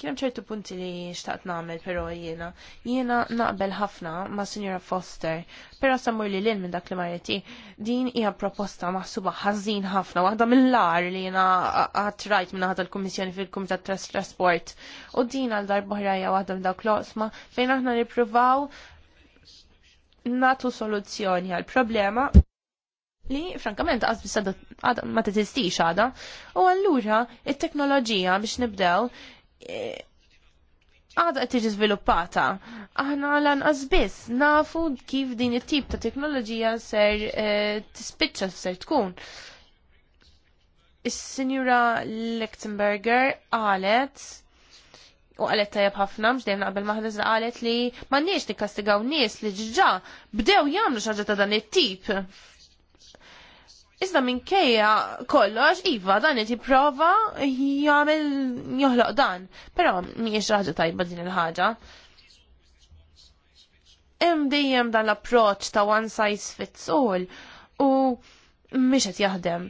Kien ċertu punti li xtaqt nagħmel però jiena. Jiena naqbel ħafna ma' Sinjora Foster, però sammur li lil minn dak li marriti, din hija proposta maħsuba ħażin ħafna waħda mill-lar li jiena għatrajt minna ħadd l kummissjoni fil komitat Trasport. U din għal darbohra waħda minn l-osma, fejn aħna nippruvaw natu soluzzjoni għal problema li frankament għaz bisad ma t-tistix għada u għallura il-teknoloġija biex nibdew għada qed tiġi żviluppata. Aħna lanqas biss nafu kif din it-tip ta' teknoloġija ser eh, tispiċċa ser tkun. Is-Sinjura Lechtenberger qalet u qalet tajab ħafna mxdejjem naqbel maħdez qalet li m'għandniex nikkastigaw nies li ġġa bdew jagħmlu xi ħaġa ta' dan it-tip Iżda minkejja kollox, Iva, dan qed jipprova jagħmel joħloq dan. Però mhijiex raġa tajba din il-ħaġa. Hemm dejjem dan l approċ ta' one size fits all u miex qed jaħdem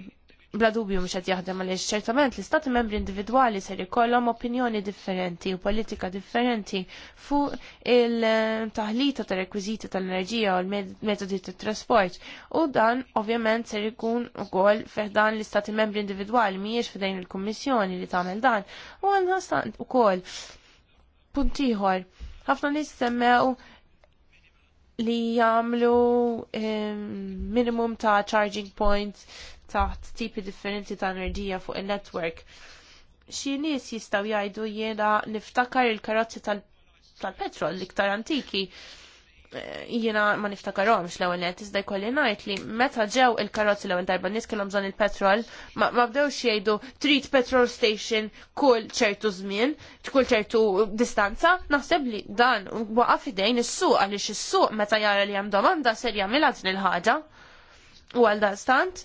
bla dubju mhux qed jaħdem għaliex ċertament l-istati membri individwali ser ikollhom opinjoni differenti u politika differenti fuq il-taħlita ta' rekwiżiti tal-enerġija u l-metodi tat trasport u dan ovvjament ser ikun ukoll f'dan l-istati membri individwali mhijiex f'dejn il-Kummissjoni li tagħmel dan u għandna ukoll punt ieħor ħafna nies semmew li jagħmlu eh, minimum ta' charging points taħt tipi differenti ta' enerġija fuq il-network. Xi nies jistgħu jgħidu jiena niftakar il-karozzi tal-petrol tal l-iktar antiki eh, jiena ma niftakarhomx l-ewwel net iżda jkolli ngħid li meta ġew il-karozzi l-ewwel darba nies kellhom bżonn il-petrol ma bdewx jgħidu trid petrol station kull ċertu żmien, kull ċertu distanza, naħseb li dan waqaf idejn is-suq għaliex is-suq meta jara li hemm domanda ser jagħmilha din il-ħaġa. U għal dan stant,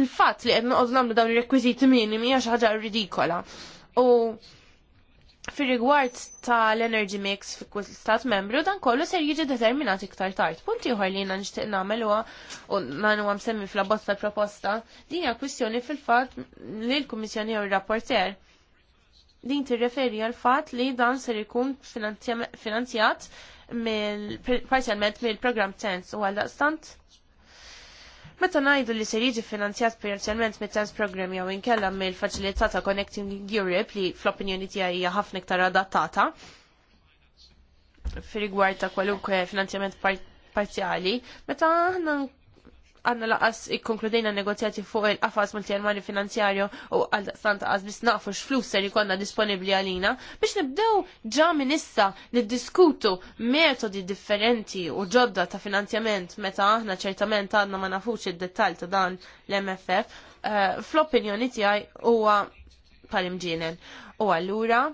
il-fatt li qed għodna nagħmlu dawn ir-rekwiżiti minimi hija xi ħaġa ridikola. U fir rigward tal-energy mix fi kull stat membru dan kollu ser jiġi determinat iktar tard. Punt ieħor li jiena nixtieq namelu u nagħmlu huwa msemmi fl-abbozz tal-proposta, din hija kwistjoni fil-fatt li l-Kummissjoni jew ir-rapporter din tirreferi għal fat li dan ser ikun finanzjat parzjalment mill-programm Tens u għal daqstant Meta ngħidu li ser jiġi finanzjat parzjalment mit-tens programmi jew inkella mill-faċilità ta' Connecting Europe li fl-opinjoni tiegħi hija ħafna iktar adattata fir-rigward ta' kwalunkwe finanzjament parzjali, meta aħna għanna laqas ikkonkludejna negozjati fuq il-qafas multijermani finanzjarju u għal stant għaz bis nafu x-flus ser jikonna disponibli għalina biex nibdew ġaminissa niddiskutu metodi differenti u ġodda ta' finanzjament meta aħna ċertament għadna ma nafux id-dettal ta' dan l-MFF uh, eh, fl-opinjoni tijaj huwa palimġinen u għallura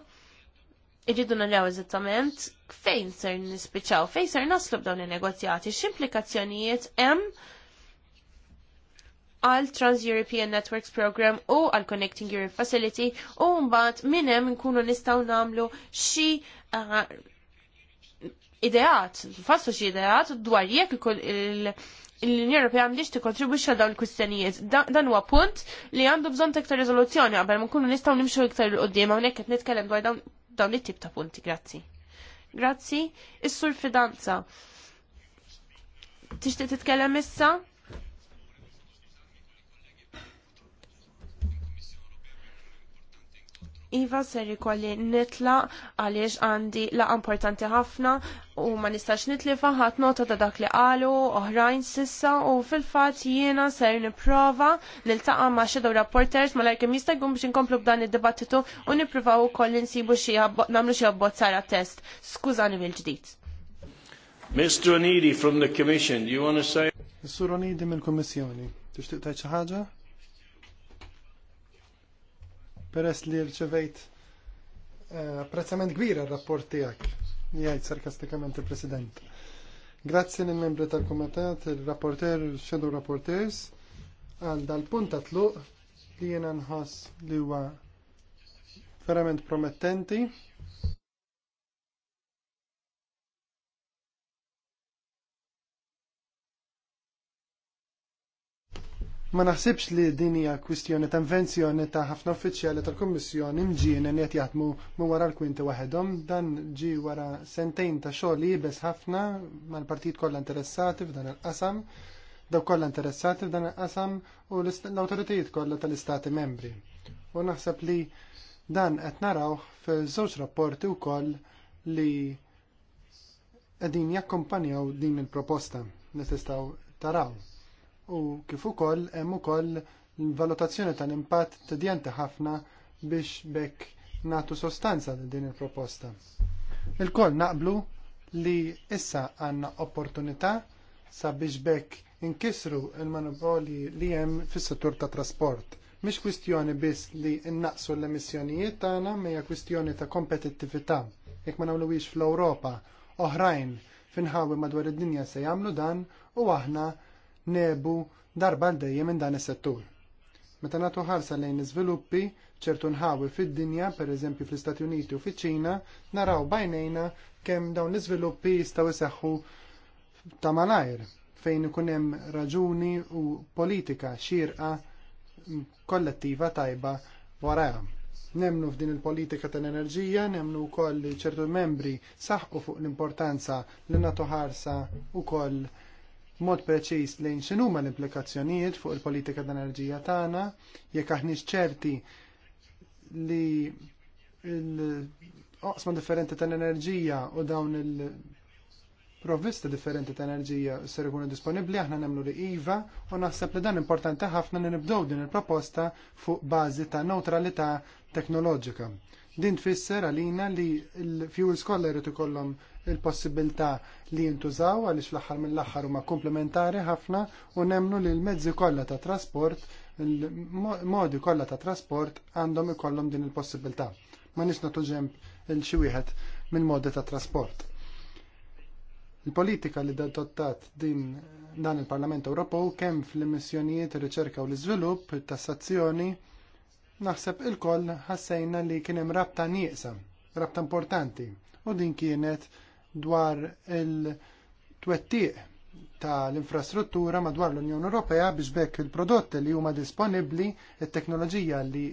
irridu naraw eżattament fejn ser nispiċaw, fejn ser naslob dawn il-negozjati, x'implikazzjonijiet hemm għal Trans-European Networks Program u għal Connecting Europe Facility u mbagħad minn hemm nkunu nistgħu nagħmlu xi uh, ideat, fassu xi ideat dwar jekk l-Unjoni Ewropea għandix kontribuċa dawn il kustjonijiet Dan huwa punt li għandu bżonn ta' iktar riżoluzzjoni qabel ma nkunu nistgħu nimxu iktar l-qoddim, hawnhekk qed nitkellem dwar dawn it-tip ta' punti. Grazzi. Grazzi. Is-sur fidanza. Tixtieq titkellem issa? Iva ser ikolli nitla għaliex għandi la importanti ħafna u ma nistax nitlifa ħadd nota ta' dak li qalu oħrajn sissa u fil-fatt jiena ser nipprova niltaqa' ma' shadow rapporters ma lajkem jista' jkun biex nkomplu b'dan id-dibattitu u nippruvaw ukoll insibu xi nagħmlu xi abbozzara test. Skużani mill-ġdid. Mr. Onidi from the Commission, do you want to say? Mr. Onidi mill-Kommissjoni, tixtieq tgħid xi ħaġa? peress li rċevejt eh, apprezzament kbir għal-rapport tijak, jgħajt sarkastikament il-President. Grazzi lill membri tal komitat il-rapporter, shadow rapporters, għal dal-punt tluq li jena nħas li huwa verament promettenti Ma naħsibx li din hija kwistjoni ta' invenzjoni ta' ħafna uffiċjali tal-Kummissjoni mġiena li qed jaħdmu minn wara l-kwinti waħedhom. Dan ġi wara sentejn ta' xogħol jibes ħafna mal-partit kollha interessati f'dan il-qasam, daw kollha interessati f'dan il-qasam u l-awtoritajiet kollha tal-istati membri. U naħseb li dan qed naraw f'żewġ żewġ rapporti wkoll li qegħdin jakkompanjaw din il-proposta li tistgħu taraw u kif ukoll hemm ukoll valutazzjoni tal-impatt tedjenti ħafna biex bekk nagħtu sostanza li din il-proposta. Il-koll naqblu li issa għandna opportunità sabiex bekk inkisru l monopoli li hemm fis-settur tat trasport. Mhix kwistjoni biss li innaqsu l-emissjonijiet tagħna mejja kwistjoni ta' kompetittività. Jekk ma nagħmluwiex fl-Ewropa oħrajn finħawi madwar id-dinja se jagħmlu dan u aħna nebu darba dejjem minn dan is-settur. Meta nagħtu ħarsa lejn iżviluppi ċertu nħawi fid-dinja, pereżempju fl-Istati Uniti u fiċ-Ċina, naraw bajnejna kemm dawn l-iżviluppi jistgħu jseħħu ta' malajr fejn ikun hemm raġuni u politika xirqa kollettiva tajba warajha. Nemnu f'din il-politika tal-enerġija, nemnu wkoll ċertu membri saħqu fuq l-importanza li nagħtu ħarsa wkoll mod preċiż lejn x'inhuma l-implikazzjonijiet fuq il-politika tal-enerġija tagħna, jekk aħniex ċerti li l-oqsma differenti tal-enerġija u dawn il- provvista differenti ta' enerġija ser ikunu disponibbli aħna nemlu li iva u naħseb li dan importanti ħafna li nibdew din il-proposta fuq bażi ta' neutralità teknoloġika. Din tfisser għalina li l-fuels scholar jrid ikollhom il-possibilità li jintużaw għaliex fl-aħħar mill-aħħar huma komplementari ħafna u nemnu li l-mezzi kollha ta' trasport, il-modi kollha ta' trasport għandhom ikollhom din il-possibilità. Ma nix nagħtu ġemp il xi wieħed mill-modi ta' trasport. Il-politika li dottat din dan il-Parlament Ewropew kemm fl-emissjonijiet, ir-riċerka u l-iżvilupp, it-tassazzjoni, naħseb il-koll ħassejna li kien hemm rabta nieqsa, rabta importanti, u din kienet dwar il-twettiq ta' l-infrastruttura madwar l-Unjoni Ewropea biex bekk il-prodotti li huma disponibbli, it-teknoloġija li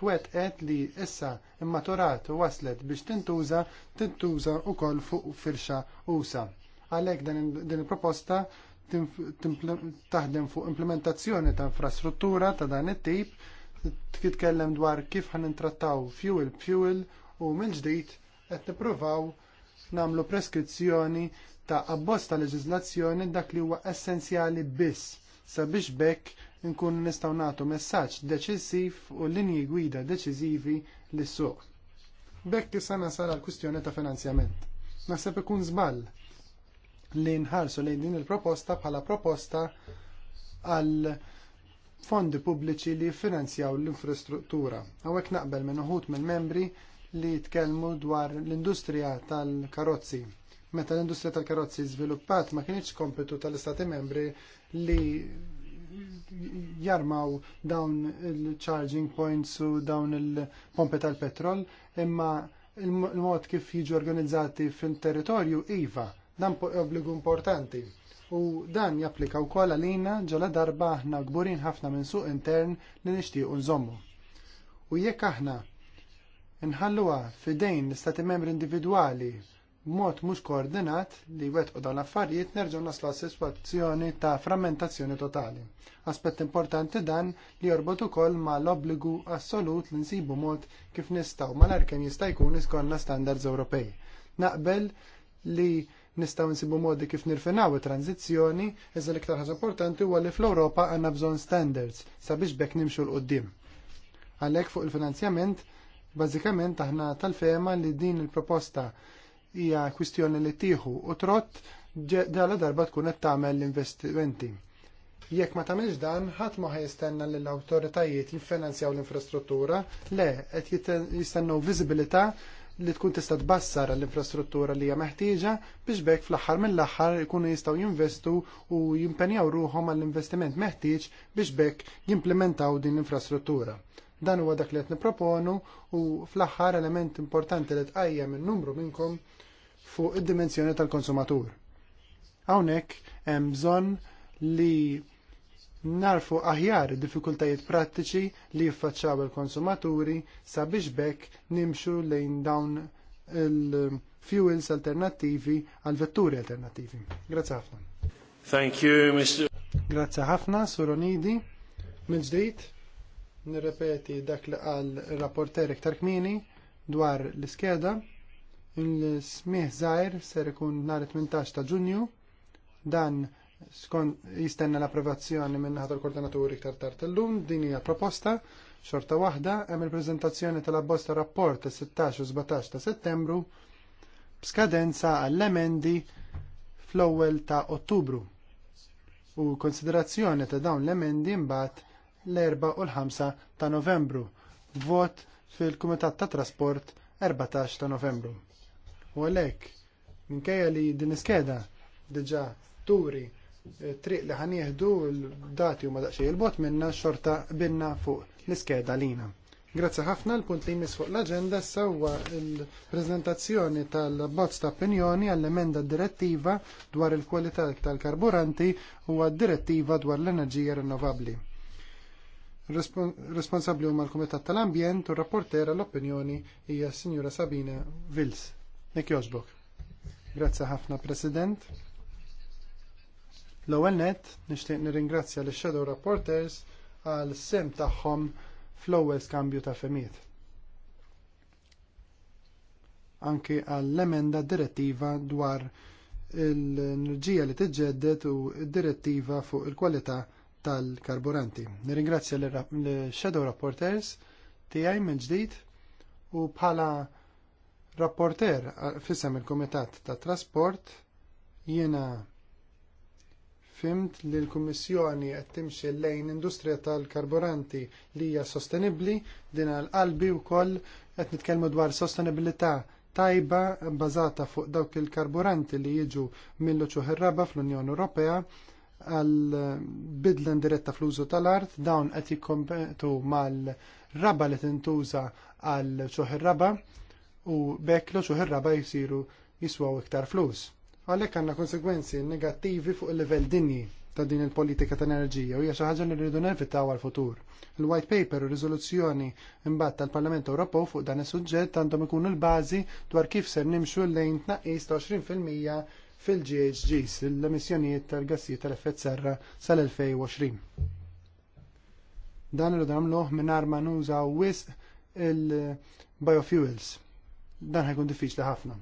twetqet li issa immaturat u waslet biex tintuża, tintuża wkoll fuq firxa usa. Għalhekk din il-proposta taħdem fuq implementazzjoni ta' infrastruttura ta' dan it-tip titkellem dwar kif ħan intrattaw fuel fuel u mill-ġdid qed nippruvaw nagħmlu preskrizzjoni ta' abbozz ta' leġiżlazzjoni dak li huwa essenzjali biss sabiex bekk nkunu nistgħu nagħtu messaġġ deċiżiv u linji gwida deċiżivi lis-suq. Bekk issa nasal għal kwistjoni ta' finanzjament. Naħseb ikun żball li nħarsu lejn din il-proposta bħala proposta għal fondi pubbliċi li jiffinanzjaw l-infrastruttura. Hawnhekk naqbel minn uħud mill-membri li tkellmu dwar l-industrija tal-karozzi. Meta l-industrija tal-karozzi żviluppat ma kienx kompetu tal-Istati membri li jarmaw dawn il-charging points u dawn il-pompe tal-petrol imma il-mod kif jiġu organizzati fil-territorju iva, dan obbligu importanti u dan japplika wkoll għalina ġola darba aħna gburin ħafna minn suq intern li nixtiequ nżommu. U jekk aħna nħalluha f'idejn l-istati membri individwali b'mod mhux koordinat li wetqu dawn l-affarijiet nerġgħu naslu situazzjoni ta' frammentazzjoni totali. Aspett importanti dan li jorbot ukoll ma' l-obbligu assolut li nsibu mod kif nistgħu mal-arkem jista' jkun iskonna standards Ewropej. Naqbel li Nistgħu nsibu modi kif nirfinaw it-tranzizzjoni, iżda l-iktar ħaġa importanti huwa li fl-Ewropa għandna bżonn standards sabiex bekk nimxu l qudiem Għalhekk fuq il-finanzjament, bażikament aħna tal-fema li din il-proposta hija kwistjoni li tieħu u trott ġala darba tkun qed tagħmel l-investimenti. Jekk ma tagħmilx dan, ħadd ma jistenna l awtoritajiet jiffinanzjaw l-infrastruttura, le qed jistennew viżibilità li tkun tista' tbassar l-infrastruttura li hija meħtieġa biex bekk fl-aħħar mill-aħħar ikunu jistgħu jinvestu u jimpenjaw ruhom għall-investiment meħtieġ biex bekk jimplementaw din l-infrastruttura. Dan huwa dak li qed nipproponu u fl-aħħar element importanti li tqajja minn numru minnkom fuq id-dimensjoni tal-konsumatur. Hawnhekk hemm bżonn li narfu aħjar diffikultajiet prattiċi li jiffaċċaw il-konsumaturi sabiex bekk nimxu lejn dawn il-fuels alternattivi għal vetturi alternattivi. Grazzi ħafna. Thank you, Mr. Grazzi ħafna, Suronidi. Mil-ġdijt, nirrepeti dak li għal rapporter iktar kmini dwar l-iskeda. il smih zaħir ser ikun nar 18 ta' ġunju. Dan jistenna l-approvazzjoni minn ħadd il-koordinaturi iktar tard illum din hija proposta xorta waħda hemm il-preżentazzjoni tal-abbosta rapport is-16 u 17 ta' Settembru b'skadenza għall-emendi fl-ewwel ta' Ottubru u konsiderazzjoni ta' dawn l-emendi mbagħad l-4 u l-5 ta' Novembru vot fil-Kumitat ta' Trasport 14 ta' Novembru. U għalhekk minkejja li din iskeda diġà turi triq li ħanieħdu l-dati u ma daqxie il-bot minna xorta binna fuq l-iskeda lina. Grazzi ħafna l-punt li jmiss fuq l-agenda sewwa l-prezentazzjoni tal-bozz ta' opinjoni għall-emenda direttiva dwar il-kwalità tal-karburanti u għad-direttiva dwar l-enerġija rinnovabbli. Responsabbli huma l-Kumitat tal-Ambjent u rapportera l-opinjoni hija s-Sinjura Sabina Vils. Nek Grazzi ħafna President. L-ewwel nett nixtieq nirringrazzja l shadow Rapporters għal sem tagħhom fl-ewwel skambju ta' femiet. Anki għall emenda direttiva dwar l-enerġija li tiġġedded u d-direttiva fuq il-kwalità tal-karburanti. Nirringrazzja l-Shadow Rapporters tiegħi minn ġdid u bħala rapporter fissem il-Komitat ta' Trasport jiena fimt li l-Kummissjoni qed timxi lejn industrija tal-karburanti li hija sostenibbli din għal-qalbi wkoll qed nitkellmu dwar sostenibilità tajba bbażata fuq dawk il-karburanti li jiġu mill-uċuħ fl-Unjoni Ewropea għal bidla indiretta fl-użu tal-art dawn qed jikkompetu mal-raba li tintuża għal ċuħ raba u bekk l-uċuħ raba jsiru jiswaw iktar flus Għalhekk għandna konsegwenzi negattivi fuq il-livell dinji ta' din il-politika ta' enerġija u hija xi ħaġa li rridu nevitaw għal futur. Il-white paper u riżoluzzjoni imbagħad tal-Parlament Ewropew fuq dan is-suġġett għandhom ikunu l-bażi dwar kif ser nimxu l lejn tnaqqis ta' 20% fil-GHGs, l-emissjonijiet tal-gassijiet tal-effett serra sal-2020. Dan irridu nagħmluh mingħajr ma nużaw wisq il-biofuels. Dan ħajkun diffiċli ħafna.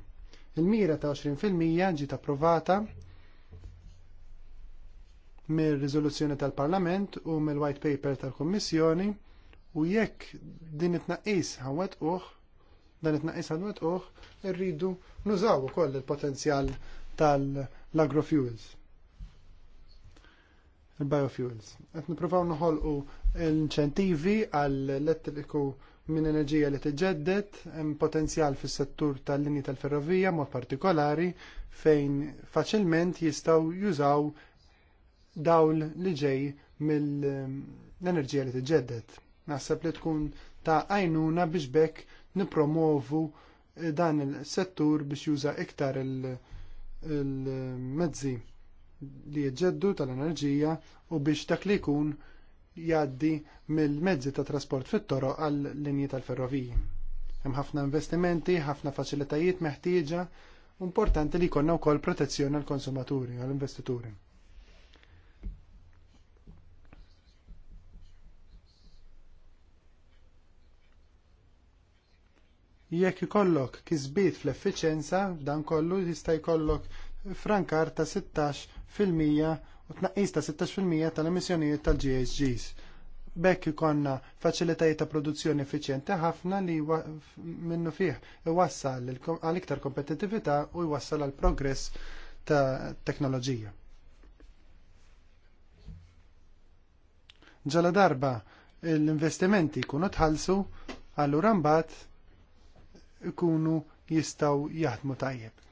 Il-mira ta' 20% ġiet approvata mir-riżoluzzjoni tal-Parlament u mill-White Paper tal-Kummissjoni u jekk din it naqis ħawet uħ, dan it-tnaqqis ħawet uħ, irridu nużaw ukoll il-potenzjal tal-agrofuels il-biofuels. Qed nippruvaw noħolqu l-inċentivi għall elettriku minn enerġija li tiġġedded, hemm potenzjal fis-settur tal-linji tal-ferrovija mod partikolari fejn faċilment jistgħu jużaw dawl li ġej mill-enerġija li tiġġedded. Naħseb li tkun ta' għajnuna biex bekk nipromovu dan il-settur biex juża iktar il-mezzi li jġeddu tal-enerġija u biex dak li jkun jgħaddi mill-mezzi ta' trasport fit-toro għal linji tal-ferroviji. Hemm ħafna investimenti, ħafna faċilitajiet meħtieġa, importanti li jkollna wkoll protezzjoni għall konsumaturi għall investituri Jekk ikollok kisbiet fl-effiċenza, dan kollu jista' jkollok frankar ta' 16 fil-mija u tnaqqis ta' 16% tal-emissjonijiet tal-GHGs. Bekk ikonna faċilitajiet ta' produzzjoni effiċjenti ħafna li minnu fih iwassal għal iktar kompetitività u jwassal għal progress ta' teknoloġija. Ġala darba l-investimenti jkunu tħallsu allura mbagħad ikunu jistgħu jaħdmu tajjeb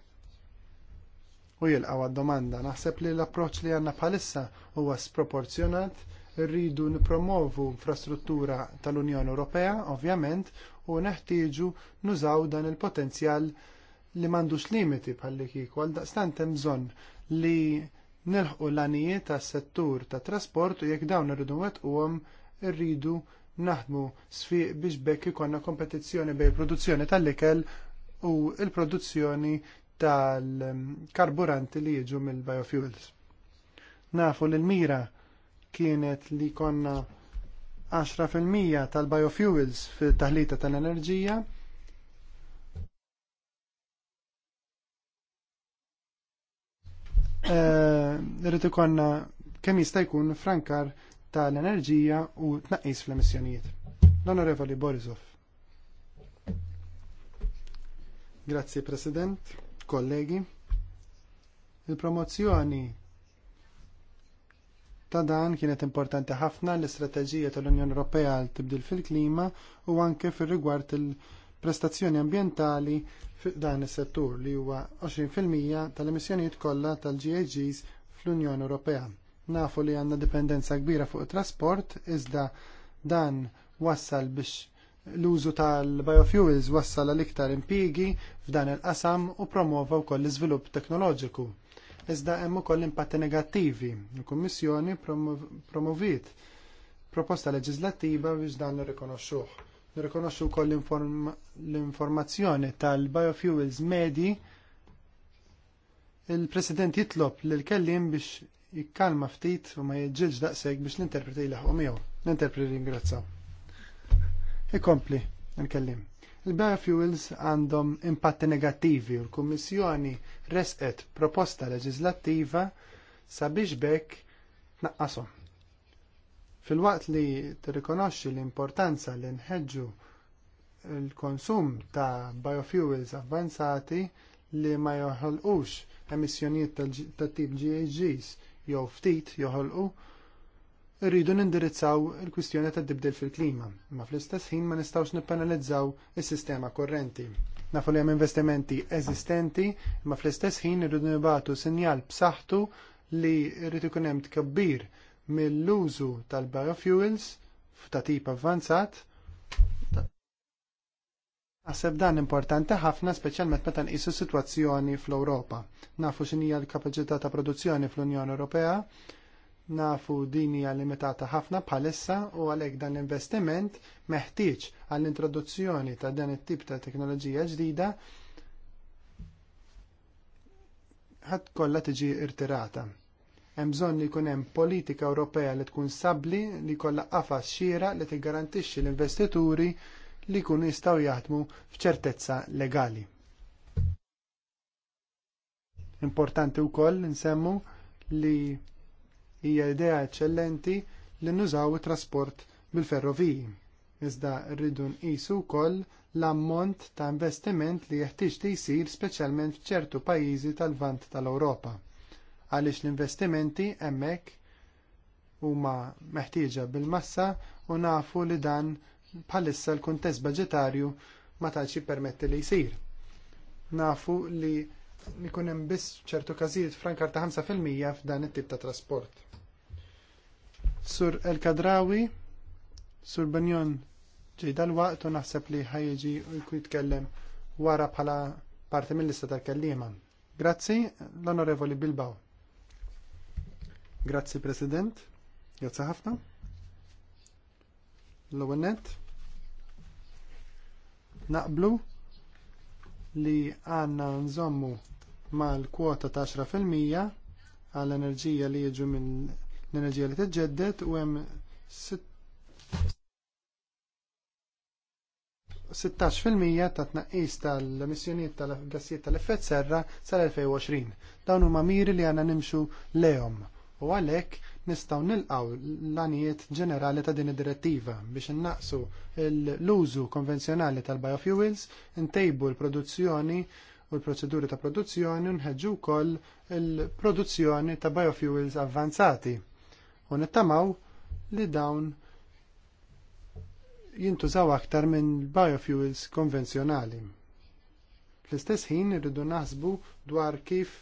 u jilqaw għad-domanda. Naħseb li l-approċ li għanna bħalissa huwa sproporzjonat, rridu nipromovu infrastruttura tal-Unjoni Ewropea, ovvjament, u neħtieġu nużaw dan il-potenzjal li m'għandux limiti bħalli kieku għal daqstant hemm bżonn li nilħqu l-għanijiet tas settur tat trasport u jekk dawn irridu nwettquhom irridu naħdmu sfiq biex bekk ikonna kompetizzjoni bejn produzzjoni tal-ikel u l-produzzjoni tal-karburanti li jiġu mill-biofuels. Nafu li l-mira kienet li konna 10% tal-biofuels fil-taħlita tal-enerġija. Eh, Rritu konna kem kemm jista' jkun frankar tal-enerġija u tnaqqis fl-emissjonijiet. L-Onorevoli Borisov. Grazie President kollegi. Il-promozzjoni ta' dan kienet importanti ħafna l-istrateġija tal-Unjoni Ewropea għal tibdil fil-klima u anke fir-rigward il-prestazzjoni ambjentali dan is-settur li huwa 20% tal-emissjonijiet kollha tal gags fl-Unjoni Ewropea. Nafu li għandna dipendenza kbira fuq it trasport iżda dan wassal biex L-użu tal-biofuels wassal għal iktar impigi f'dan il-qasam u promuova wkoll l-iżvilupp teknoloġiku. Iżda hemm ukoll impatti negattivi. Il-Kummissjoni promovit proposta leġislattiva biex dan nirrikonoxxuh. Nirrikonoxxu wkoll l-informazzjoni tal-biofuels medi. il-President jitlob l kellim biex jikkalma ftit u ma jġilġ daqseg biex l-interpreti laħqu miegħu. L-interpreti ringrazzaw. Ikompli, nkellim. Il-biofuels għandhom impatti negattivi u l-Kummissjoni resqet proposta leġislattiva sabiex bekk naqqasom. Fil-waqt li tirrikonoxxi l-importanza li nħeġġu l-konsum ta' biofuels avvanzati li ma joħolqux emissjonijiet ta' tip GHGs jew ftit joħolqu rridu nindirizzaw il-kwistjoni ta' dibdil fil-klima, ma fl-istess ħin ma nistawx nippanalizzaw is-sistema korrenti. Nafu li hemm investimenti eżistenti, ma fl-istess ħin irridu nibatu sinjal b'saħħtu li rridu jkun hemm tkabbir mill-użu tal-biofuels ta' tip avvanzat. Naħseb dan importanti ħafna speċjalment meta nqisu sitwazzjoni fl-Ewropa. Nafu x'inhi l-kapaċità ta' produzzjoni fl-Unjoni Ewropea nafu din hija limitata ħafna bħalissa u għalhekk dan l-investiment meħtieġ għall-introduzzjoni ta' dan it-tip ta' teknoloġija ġdida ħadd kollha tiġi irtirata. Hemm bżonn li jkun hemm politika Ewropea li tkun sabbli li jkollha qafas xira li tiggarantixxi l-investituri li jkunu jistgħu jaħdmu f'ċertezza legali. Importanti wkoll nsemmu li hija idea eċċellenti li nużaw it-trasport bil-ferroviji. Iżda rridu nqisu wkoll l-ammont ta' investiment li jeħtieġ li jsir speċjalment f'ċertu pajjiżi tal-vant tal-Ewropa. Għaliex l-investimenti hemmhekk huma meħtieġa bil-massa u nafu li dan bħalissa l-kuntest budġetarju ma tantx jippermetti li jsir. Nafu li ikun hemm biss ċertu każijiet frankar ta' 5% f'dan it-tip ta' trasport. Sur El Kadrawi, Sur Banjon ġej dal-waqt u naħseb li ħajġi u jkun jitkellem wara bħala parti mill-lista tal-kellima. Grazzi, l-Onorevoli Bilbao. Grazzi, President. Grazzi ħafna. L-għonet. Naqblu li għanna nżommu mal-kwota ta' 10% għall-enerġija li jiġu minn l-enerġija li tiġġedded u hemm 16% ta' tnaqqis tal-emissjonijiet tal-gassijiet tal-effett serra sal-2020. Dawn huma miri li għandna nimxu lehom u għalhekk nistgħu nilqgħu l-għanijiet ġenerali ta' din id-direttiva biex innaqsu l-użu konvenzjonali tal-biofuels, intejbu l-produzzjoni u l-proċeduri ta' produzzjoni u nħeġġu wkoll il-produzzjoni ta' biofuels avvanzati u nittamaw li dawn jintużaw aktar minn biofuels konvenzjonali. Fl-istess ħin irridu naħsbu dwar kif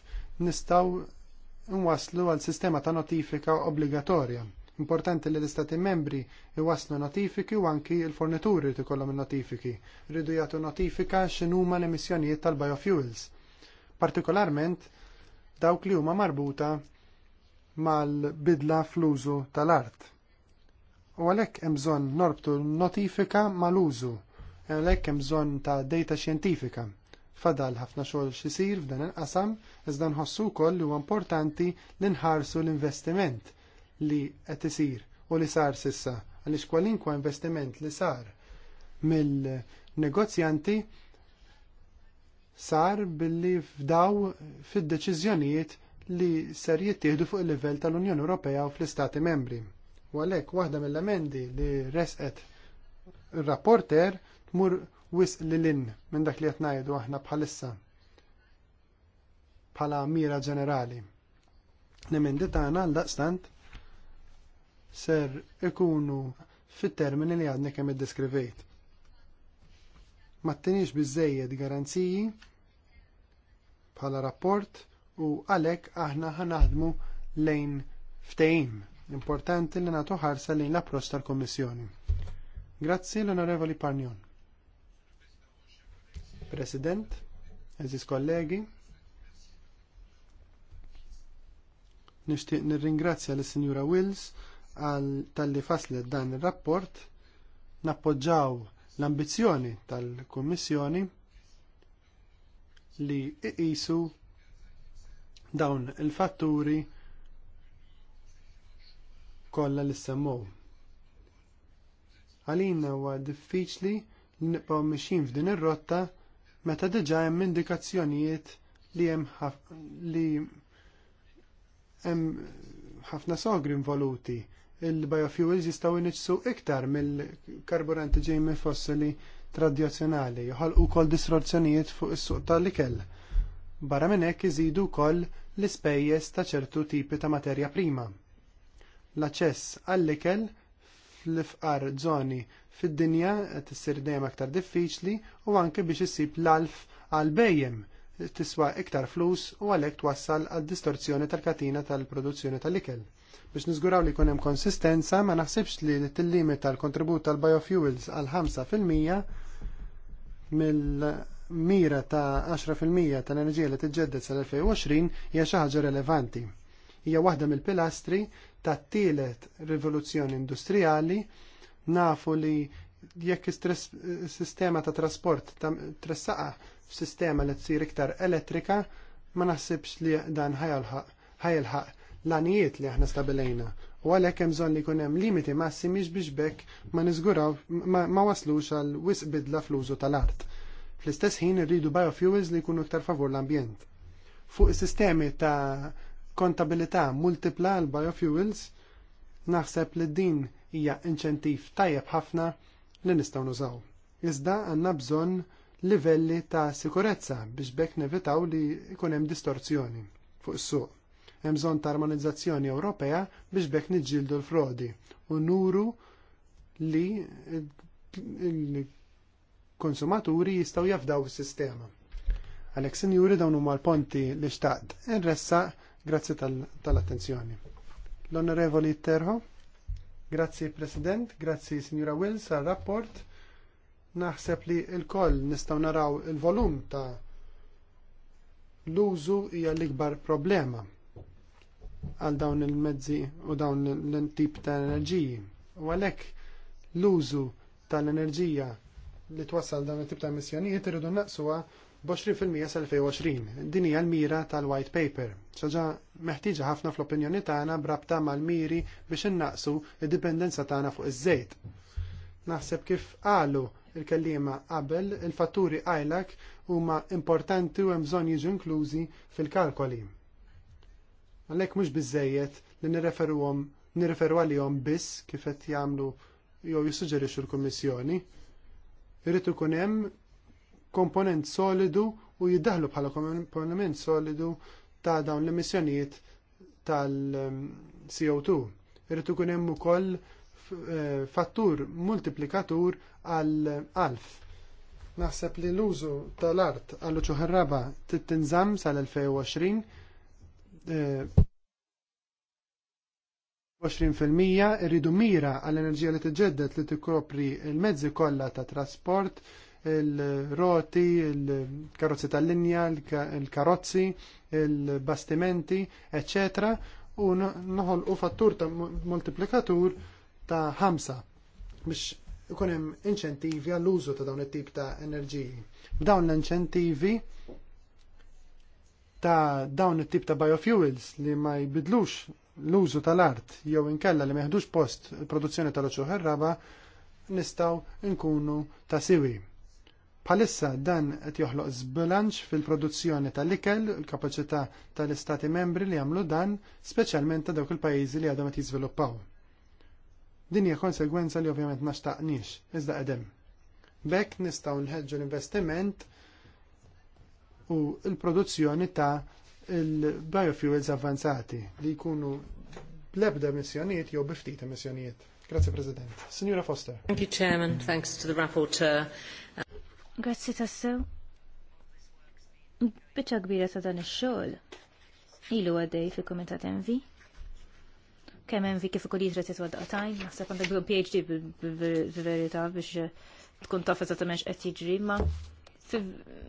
nistaw nwaslu għal sistema ta' notifika obbligatorja. Importanti li l-istati membri iwaslu notifiki u anki il-fornituri tikollhom il-notifiki. Rridu jagħtu notifika x'inhuma l-emissjonijiet tal-biofuels. Partikolarment dawk li huma marbuta mal-bidla fl-użu tal-art. U għalhekk hemm bżonn norbtu notifika mal-użu, e għalhekk hemm bżonn ta' data xjentifika. Fadal ħafna xogħol xisir f'dan il-qasam, iżda nħossu wkoll li huwa importanti li nħarsu l-investiment li qed isir u li sar sissa għaliex kwalinkwa investiment li sar mill-negozjanti sar billi fdaw fid-deċiżjonijiet li ser jittieħdu fuq il-livell tal-Unjoni Ewropea u fl-Istati membri. U għalhekk waħda mill-emendi li resqet ir-rapporter tmur wisq li lin minn dak li qed ngħidu aħna bħalissa bħala mira ġenerali. L-emendi tagħna għal daqstant ser ikunu fit-termini li għadni kemm iddeskrivejt. Ma ttinix biżejjed garanziji bħala rapport u għalhekk aħna ħanaħdmu lejn ftehim. Importanti li nagħtu ħarsa lejn l-approċċ tal-Kummissjoni. Grazzi l-Onorevoli Parnjon. President, eżis kollegi, nishtiq nirringrazzja l sinjura Wills għal tal-li faslet dan il-rapport, nappoġġaw l-ambizjoni tal komissjoni li iqisu dawn il-fatturi kollha li semmu. Għalina huwa diffiċli li nibqgħu mixin f'din ir-rotta meta diġà hemm indikazzjonijiet li hemm li hemm ħafna sogri involuti. Il-biofuels jistgħu jniġsu iktar mill-karburanti ġej mill fossili tradizzjonali, jħolqu wkoll distorzjonijiet fuq is-suq tal-ikel. Barra minn hekk iżidu wkoll l-ispejjeż ta' ċertu tipi ta' materja prima. L-aċċess għall-ikel fl-ifqar żoni fid-dinja qed issir dejjem aktar diffiċli u anke biex issib l-alf għal bejjem tiswa iktar flus u għalhekk twassal għad distorzjoni tal-katina tal-produzzjoni tal-ikel. Biex niżguraw li jkun hemm konsistenza ma naħsibx li tillimita l tal-kontribut tal-biofuels għal 5% mill mira ta' 10% tal-enerġija li tiġġedded sal-2020 hija xi ħaġa relevanti. Hija waħda mill-pilastri ta' tielet rivoluzzjoni industrijali nafu li jekk sistema ta' trasport ta' tressaqa f'sistema li tsir iktar elettrika ma naħsibx li dan ħajlħaq l-anijiet li aħna stabilejna. U għalhekk hemm bżonn li jkun hemm limiti massimi biex bekk ma niżguraw ma waslux għal wisq bidla fl-użu tal-art Fl-istess ħin irridu biofuels li jkunu iktar favur l-ambjent. Fuq is-sistemi ta' kontabilità multipla għal biofuels, naħseb li din hija inċentiv tajjeb ħafna li nistgħu nużaw. Iżda għandna bżonn livelli ta' sikurezza biex bekk nevitaw li jkun hemm distorzjoni fuq is-suq. Hemm bżonn ta' armonizzazzjoni Ewropea biex bekk niġġieldu l-frodi u nuru li konsumaturi jistgħu jafdaw is-sistema. Għalhekk sinjuri dawn huma l-ponti li xtaqt inressa grazzi tal-attenzjoni. Tal L-Onorevoli Terho, grazzi President, grazzi Signora Wills għal rapport. Naħseb li il-koll nistaw naraw il-volum ta' l-użu hija l-ikbar problema għal dawn il-mezzi u dawn l-tip ta' enerġiji. U għalhekk l-użu tal-enerġija li twassal dan it-tip ta' emissjonijiet irridu naqsuha b'20% sal-2020. Din hija l-mira tal-White Paper. Saġa' meħtieġa ħafna fl-opinjoni tagħna brabta mal-miri biex innaqsu id-dipendenza tagħna fuq iż-żejt. Naħseb kif qalu il-kellima qabel, il-fatturi għajlak huma importanti u hemm bżonn jiġu inklużi fil-kalkoli. Għalhekk mhux biżejjed li nirreferuhom nirreferu għalihom biss kif qed jagħmlu jew jissuġġerixxu l-Kummissjoni irrid ikun hemm komponent solidu u jiddaħlu bħala komponent solidu ta' dawn l-emissjonijiet tal-CO2. Irrid ikun hemm ukoll eh, fattur multiplikatur għal alf. Naħseb li l-użu tal-art għall-uċuħarraba tittinżam sal-2020 eh, 20% irridu mira għall-enerġija li tiġġedded li tikkopri il-mezzi kollha ta' trasport, il-roti, il-karozzi tal-linja, il-karozzi, il-bastimenti, eccetera, u noħolqu fattur ta' multiplikatur ta' 5 biex ikun hemm inċentivi għall-użu ta' dawn it-tip ta' enerġiji. B'dawn l-inċentivi ta' dawn it-tip ta' biofuels li ma jbidlux l-użu tal-art jew inkella li meħdux post il-produzzjoni tal-oċuħ raba nistaw nkunu ta' siwi. Bħalissa dan qed joħloq zbilanċ fil-produzzjoni tal-ikel, il-kapaċità tal-istati membri li jagħmlu dan, speċjalment ta' dawk il-pajjiżi li għadhom qed jiżviluppaw. Din hija konsegwenza li ovvjament ma xtaqniex, iżda qedem. Bekk nistgħu nħeġġu l-investiment u l-produzzjoni ta' il-biofuels avanzati li jkunu bl-ebda emissjonijiet jew biftit emissjonijiet. Grazie President. Signora Foster. Thank you Chairman, thanks to the rapporteur. Grazie Tassu. Biċċa kbira ta' dan ix-xogħol ilu għaddej fil-Kumitat Envi. Kemm Envi kif ukoll jitra titwa daqtajn, naħseb għandek PhD bil-verità biex tkun tafet ta' eżattament x'qed jiġri ma'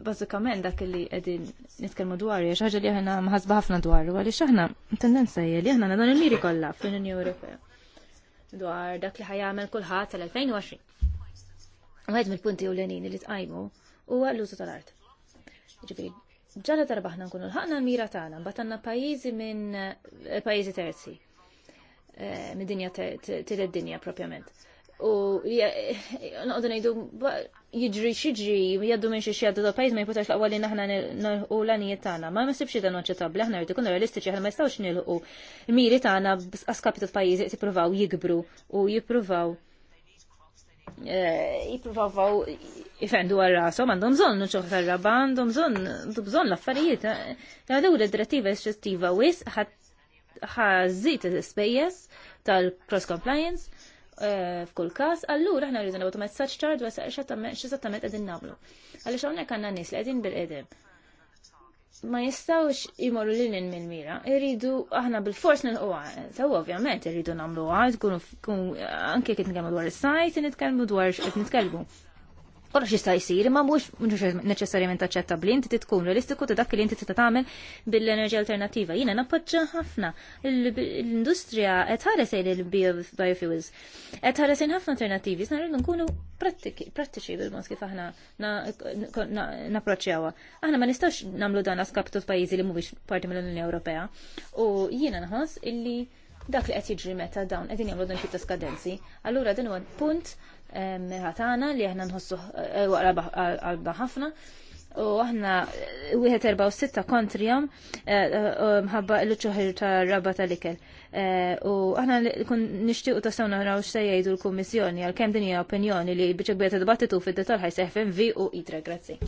bazzikament dak li qegħdin nitkellmu dwar hija xi li aħna mħasba ħafna dwar għaliex aħna tendenza hija li aħna dan il-miri kollha fl-Unjoni Ewropea dwar dak li ħajamel kulħadd tal-2020. Wieħed mill-punti u ewlenin li tqajmu huwa l-użu tal-art. Ġifieri, ġala darba nkunu l-ħaqna l-mira tagħna, mbagħad għandna pajjiżi minn eh, pajjiżi terzi eh, mid-dinja til-dinja propjament. U eh, noqdu ngħidu jiġri xidri, jaddu minn xi xjaddu ta' pajjiż ma jiputax laqwa li naħna nilħu l-għanijiet tagħna. Ma nsibx xidan aċċettabbli, aħna rritu kunu realistiċi aħna ma jistgħux nilħu miri tagħna b'skapitu ta' pajjiżi qed jippruvaw jikbru u jippruvaw eh, jippruvaw ifendu għal rashom għandhom bżonn ċoħ tar-raba, għandhom bżonn bżonn l-affarijiet. Eh. Għadu l-direttiva eċċettiva wis ħażit l-ispejjeż tal-cross compliance Eh, f'kull każ, allura aħna rridu nagħtu messaġġ ċar dwar x'eżattament qegħdin nagħmlu. Għaliex hawnhekk għandna nies li qegħdin bil-qedem. Ma jistawx imorru lil minn mira, irridu aħna bil-fors nilqu Sewa ovvjament irridu nagħmlu għad, tkunu anke kif nitkellmu dwar is-sajt, nitkellmu dwar x'qed nitkellmu kollox jista' jsir, ma mhux neċessarjament aċċettabbli inti titkun realistiku ta' dak li inti t tagħmel bil-enerġija alternattiva. Jiena nappoġġa ħafna l-industrija qed ħaresejn il-biofuels. etħare ħaresejn ħafna alternativi, sna rridu nkunu prattiċi bil-mod kif aħna napproċċjawha. Aħna ma nistax nagħmlu dan askaptu pajizi li mhuwiex parti mill-Unjoni Ewropea. U jiena naħos illi dak li qed jiġri meta dawn qegħdin jagħmlu dan ta' skadenzi. Allura din huwa punt ħatana li aħna nħossu eh, qalba ħafna u aħna eh, wieħed erba' u sitta kontrihom eh, mħabba l-ċoħir ta' rabba tal-ikel. U aħna kun nixtiequ u sewna naraw x'se jgħidu l-Kummissjoni għal kemm din hija opinjoni li biċek bieta dibattitu fid-detal ħajseħ FMV u ITRE. Grazzi.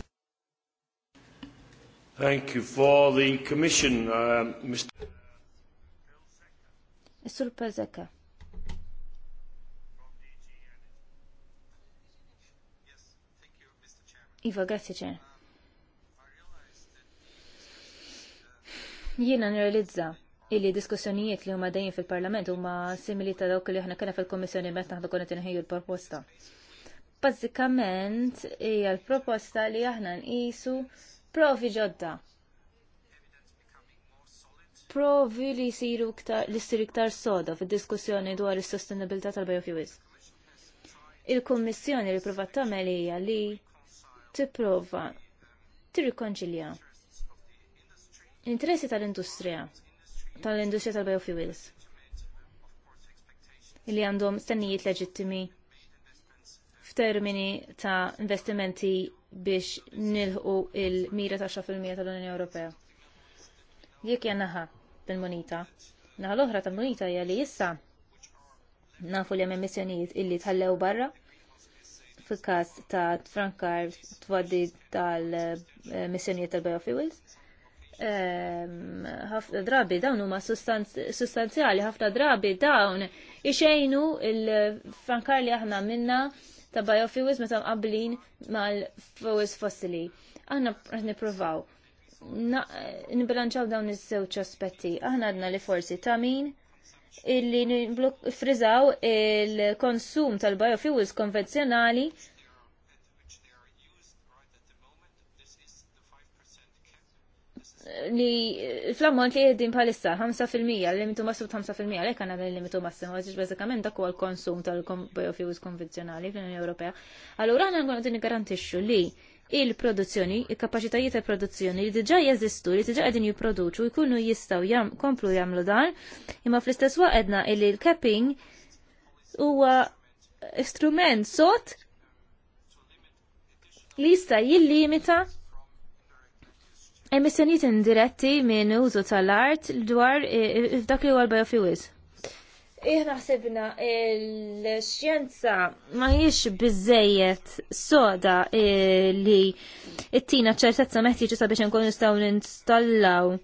Thank you for the commission, uh, Mr. Is-Sur Pazeka. Iva, grazie ċer. Jiena nirrealizza illi diskussjonijiet li huma dejjem fil-Parlament huma simili ta' dawk li aħna kena fil-Kommissjoni meta aħna konna tinħejju l-proposta. Bażikament hija l-proposta li aħna nqisu provi ġodda provi li jisiru li istir iktar soda fid-diskussjoni dwar is-sostenibilità tal-biofuels. Il-Kummissjoni li provat tagħmel hija li tipprova tirrikonċilja l-interessi tal-industrija tal-industrija tal-biofuels li għandhom stennijiet leġittimi f'termini ta' investimenti biex nilħu il-mira ta' 10% tal-Unjoni Ewropea. Jekk janaħa tal-monita. Naħa l-oħra tal-monita hija li issa nafu li hemm emissjonijiet illi tħallew barra fil-każ ta' Frankar twaddi tal-missjonijiet tal-biofuels. Ehm, ħafna drabi dawn huma sustanzjali, ħafna drabi dawn ixejnu il-Frankar li aħna minna ta' biofuels meta mqablin mal-fuels fossili. Aħna qed nippruvaw nbilanċaw dawn iż-żewġ aspetti. Aħna għadna li forsi ta' min illi frizaw il-konsum tal-biofuels konvenzjonali li fl-ammont li jedin palissa 5% limitu massib 5% lek għanna l-limitu massimo għazix bazzikament dak huwa l-konsum tal-biofuels konvenzjonali fl-Unjoni Ewropea. Allura għanna nkunu din garantixxu li il-produzzjoni, il-kapacitajiet ta' produzzjoni li diġa jeżistu, li diġa qegħdin jipproduċu jkunu jistgħu jam, komplu jagħmlu dan, imma fl-istess waqt li l-capping huwa strument sot li jista' jillimita emissjonijiet indiretti minn użu tal-art dwar e, e, dak li huwa l-biofuels. Iħna ħsibna l-xjenza ma jiex biżejjed soda e, li it-tina ċertezza meħtieġ sabiex nkun nistgħu ninstallaw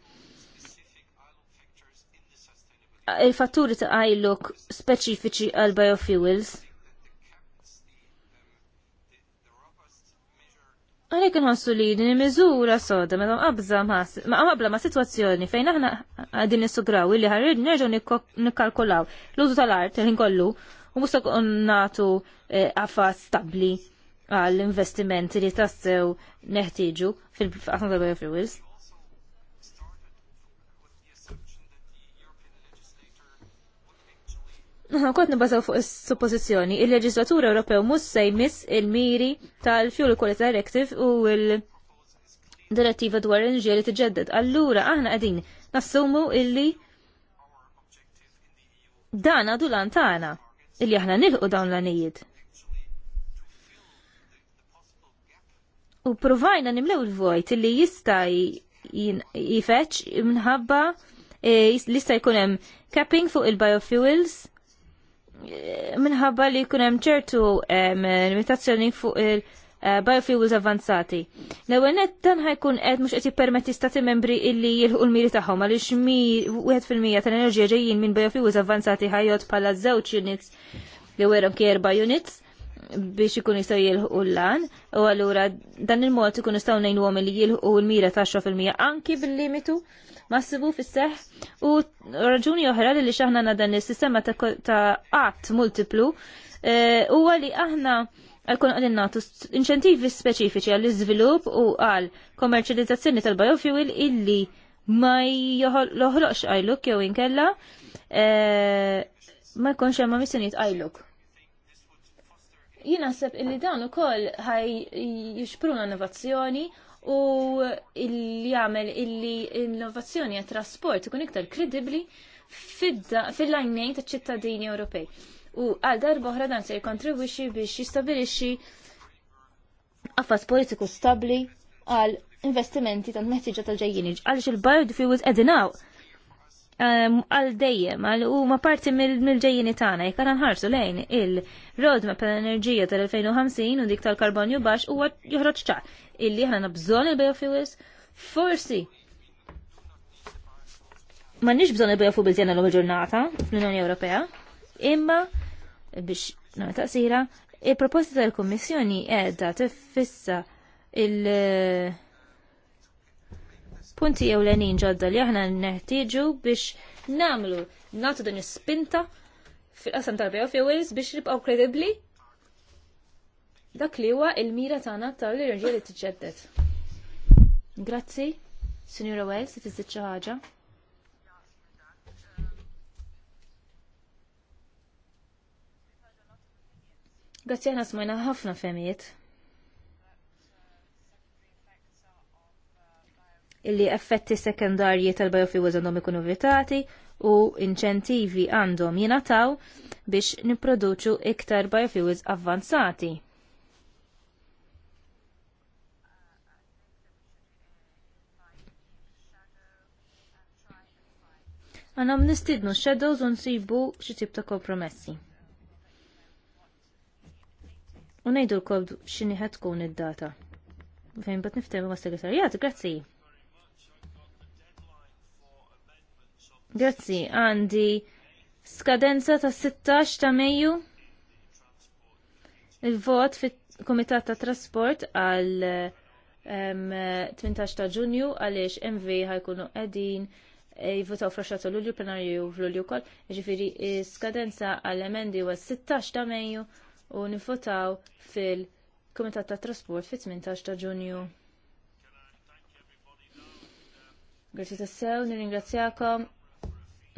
il-fatturi ta' għajluk speċifiċi għal biofuels Għalek nħassu li din miżura soda, mela qabża ma' għabla ma' situazzjoni fejn aħna għadin nissugraw li ħarrid nerġgħu nikkalkulaw l-użu tal-art li nkollu u musta natu eh, għafa stabli għall-investimenti li tassew neħtieġu fil fqasna tal-biofuels. Naħan kot nibazaw fuq is-suppożizzjoni, il-leġislatura Ewropew mhux se jmiss il-miri tal-Fuel Quality Directive u l-direttiva dwar l-inġiel li t-ġeddet. Allura aħna qegħdin nassumu illi dan għadu lan tagħna illi aħna nilħu dawn l-anijiet. U provajna nimlew il-vojt illi jista' jifeċ minħabba eh, jista' jkun hemm capping fuq il-biofuels minħabba li jkun hemm ċertu limitazzjoni fuq il- eh, biofuels avanzati. L-ewwel net dan ħajkun qed mhux qed jippermetti stati membri illi jilħu l-miri tagħhom għaliex wieħed fil-mija tal-enerġija ġejjin minn biofuels avanzati ħajot bħala żewġ units li werhom kierba units biex ikun jistgħu jilħu l-lan u allura dan il-mod ikun jistgħu għom li jilħu l-mira ta' fil-mija anki bil-limitu massivu fis-seħ u raġuni oħra li xaħna na dan is-sistema ta' qatt multiplu e, huwa li aħna għalkun għadin natu inċentivi speċifiċi għall iżvilupp u għal komerċializzazzjoni tal-biofuel illi ma joħloqx għajluk jew inkella e, ma jkunx hemm missjoniet għajluk. Jien naħseb illi dan ukoll ħaj jixpruna innovazzjoni u illi jagħmel illi innovazzjoni għat trasport ikun iktar kredibbli fil-lajnejn taċ ċittadini Ewropej. U għal darba oħra dan se jkontribwixxi biex jistabilixxi affas politiku stabbli għal investimenti tal meħtieġa tal-ġejjini għaliex il-biofuels qegħdin hawn Um, għal dejjem għal huma parti mill-ġejjini tagħna jekk ara nħarsu lejn il-roadmap tal-enerġija tal-2050 u dik tal-karbonju baxx huwa joħroġ ċar illi aħna bżonn il-biofuels forsi ma nix bżon il biofuels jena bizjena l ġurnata fl-Unjoni Ewropea, imma biex nagħmel taqsira, il-proposta tal-Kommissjoni qiegħda tiffissa il- punti jew lenin ġodda li aħna neħtieġu biex namlu nagħtu din is-spinta fil-qasam tal-beja fuels biex nibqgħu kredibbli dak li huwa il-mira tagħna tal-enerġija li tiġġedded. Grazzi, Sinjura Wells, se tiżdied xi ħaġa. Grazzi aħna smajna ħafna femijiet. illi effetti sekundarji tal-biofuels għandhom ikunu vitati u inċentivi għandhom jinataw biex niproduċu iktar biofuels avvanzati. Għanam nistidnu shadows un sibu xitib ta' kompromessi. Unajdu l-kod xini ħatkun id-data. Fejn bat niftemu ma' segretarjat, grazzi. Grazzi, għandi skadenza ta' 16 ta' Mejju il-vot fit Komitat ta' Trasport għal 18 ta' Ġunju għaliex MV ħajkunu qegħdin eh, jivvotaw fl ta' Lulju plenarju f'Lulju wkoll, jiġifieri skadenza għall emendi huwa 16 ta' Mejju u nifvotaw fil-Kumitat ta' Trasport fit-18 ta' Ġunju. Grazzi tassew, nirringrazzjakom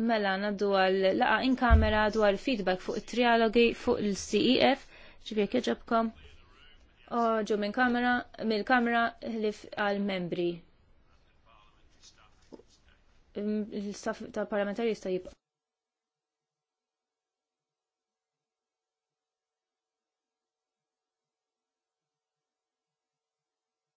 mela naddu għal laqa in kamera dwar feedback fuq it-trialogi fuq il-CEF ġibjek jġabkom ġu minn kamera mill kamera ħlif għal membri il-staff tal-parlamentari jista' jibqa'